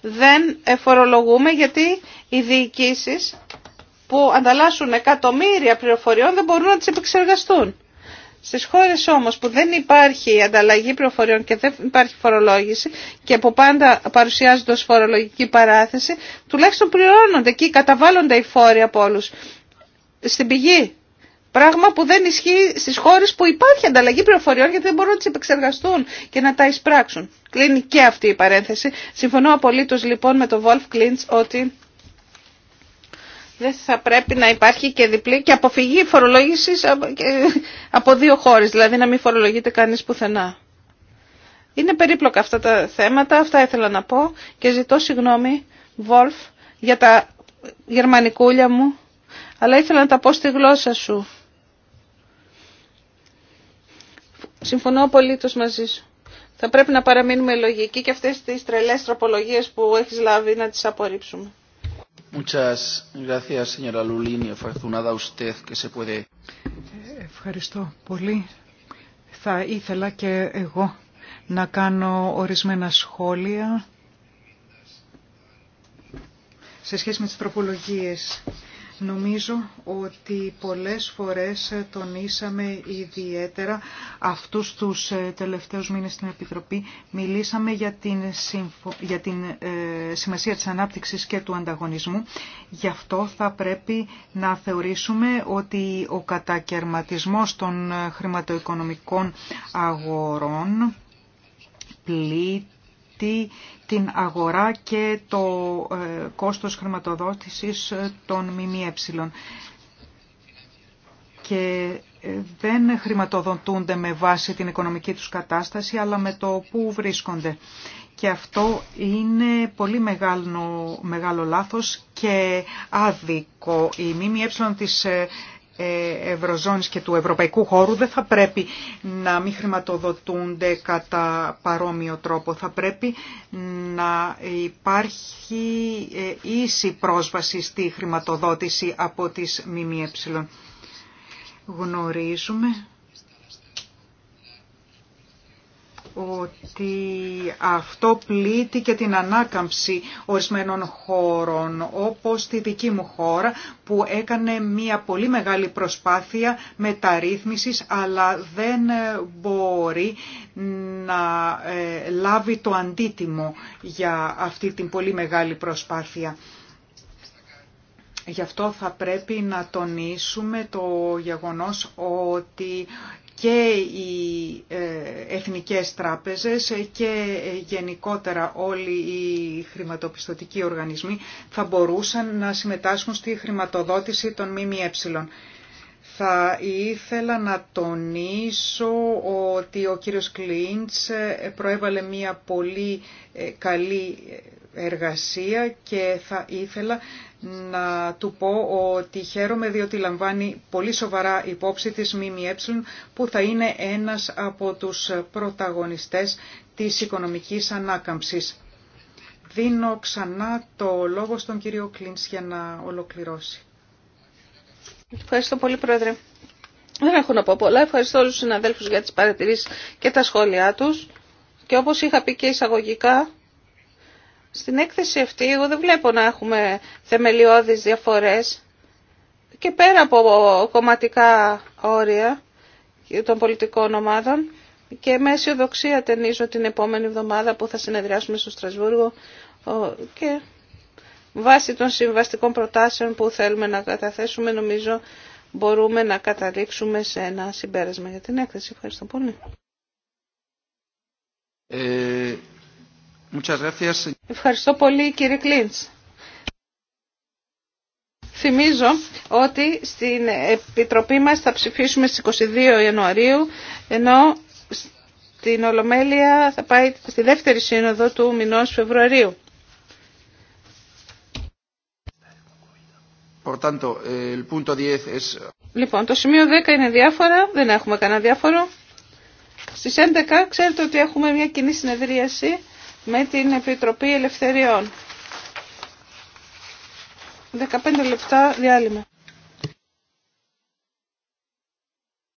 δεν φορολογούμε γιατί οι διοικήσεις που ανταλλάσσουν εκατομμύρια πληροφοριών δεν μπορούν να τις επεξεργαστούν. Στις χώρες όμως που δεν υπάρχει ανταλλαγή πληροφοριών και δεν υπάρχει φορολόγηση και που πάντα παρουσιάζονται ως φορολογική παράθεση, τουλάχιστον πληρώνονται εκεί, καταβάλλονται οι φόροι από όλους στην πηγή. Πράγμα που δεν ισχύει στις χώρες που υπάρχει ανταλλαγή πληροφοριών γιατί δεν μπορούν να τις επεξεργαστούν και να τα εισπράξουν. Κλείνει και αυτή η παρένθεση. Συμφωνώ απολύτω λοιπόν με τον Βολφ Κλίντς ότι δεν θα πρέπει να υπάρχει και διπλή και αποφυγή φορολόγησης από δύο χώρες, δηλαδή να μην φορολογείται κανείς πουθενά. Είναι περίπλοκα αυτά τα θέματα, αυτά ήθελα να πω και ζητώ συγγνώμη, Βολφ, για τα γερμανικούλια μου, αλλά ήθελα να τα πω στη γλώσσα σου. Συμφωνώ απολύτως μαζί σου. Θα πρέπει να παραμείνουμε λογικοί και αυτές τις τρελές τροπολογίες που έχεις λάβει να τις απορρίψουμε. Ευχαριστώ πολύ. Θα ήθελα και εγώ να κάνω ορισμένα σχόλια σε σχέση με τις τροπολογίες Νομίζω ότι πολλές φορές τονίσαμε ιδιαίτερα αυτούς τους ε, τελευταίους μήνες στην Επιτροπή. Μιλήσαμε για την, ε, σημασία της ανάπτυξης και του ανταγωνισμού. Γι' αυτό θα πρέπει να θεωρήσουμε ότι ο κατακαιρματισμός των ε, χρηματοοικονομικών αγορών πλήττει την αγορά και το ε, κόστος χρηματοδότησης ε, των ΜΜΕ. Και ε, δεν χρηματοδοτούνται με βάση την οικονομική τους κατάσταση, αλλά με το που βρίσκονται. Και αυτό είναι πολύ μεγάλο, μεγάλο λάθος και άδικο. η ΜΜΕ της ε, ευρωζώνης και του Ευρωπαϊκού χώρου δεν θα πρέπει να μην χρηματοδοτούνται κατά παρόμοιο τρόπο. Θα πρέπει να υπάρχει ε, ίση πρόσβαση στη χρηματοδότηση από τις ΜΜΕ. Γνωρίζουμε ότι αυτό πλήττει και την ανάκαμψη ορισμένων χώρων, όπως τη δική μου χώρα που έκανε μια πολύ μεγάλη προσπάθεια μεταρρύθμισης αλλά δεν μπορεί να ε, λάβει το αντίτιμο για αυτή την πολύ μεγάλη προσπάθεια. Γι' αυτό θα πρέπει να τονίσουμε το γεγονός ότι και οι ε, εθνικές τράπεζες και ε, γενικότερα όλοι οι χρηματοπιστωτικοί οργανισμοί θα μπορούσαν να συμμετάσχουν στη χρηματοδότηση των ΜΜΕ. Θα ήθελα να τονίσω ότι ο κύριος Κλίντς ε, προέβαλε μια πολύ καλή εργασία και θα ήθελα να του πω ότι χαίρομαι διότι λαμβάνει πολύ σοβαρά υπόψη της ΜΜΕ που θα είναι ένας από τους πρωταγωνιστές της οικονομικής ανάκαμψης. Δίνω ξανά το λόγο στον κύριο Κλίντς για να ολοκληρώσει. Ευχαριστώ πολύ Πρόεδρε. Δεν έχω να πω πολλά. Ευχαριστώ όλους τους συναδέλφους για τις παρατηρήσεις και τα σχόλιά τους. Και όπως είχα πει και εισαγωγικά, στην έκθεση αυτή εγώ δεν βλέπω να έχουμε θεμελιώδεις διαφορές και πέρα από κομματικά όρια των πολιτικών ομάδων και με αισιοδοξία ταινίζω την επόμενη εβδομάδα που θα συνεδριάσουμε στο Στρασβούργο και βάσει των συμβαστικών προτάσεων που θέλουμε να καταθέσουμε νομίζω μπορούμε να καταλήξουμε σε ένα συμπέρασμα για την έκθεση. Ευχαριστώ πολύ. Ε, Ευχαριστώ πολύ κύριε Κλίντς. Θυμίζω ότι στην Επιτροπή μας θα ψηφίσουμε στις 22 Ιανουαρίου, ενώ στην Ολομέλεια θα πάει στη δεύτερη σύνοδο του μηνός Φεβρουαρίου. Λοιπόν, το σημείο 10 είναι διάφορα, δεν έχουμε κανένα διάφορο. Στις 11 ξέρετε ότι έχουμε μια κοινή συνεδρίαση με την Επιτροπή Ελευθεριών. 15 λεπτά διάλειμμα.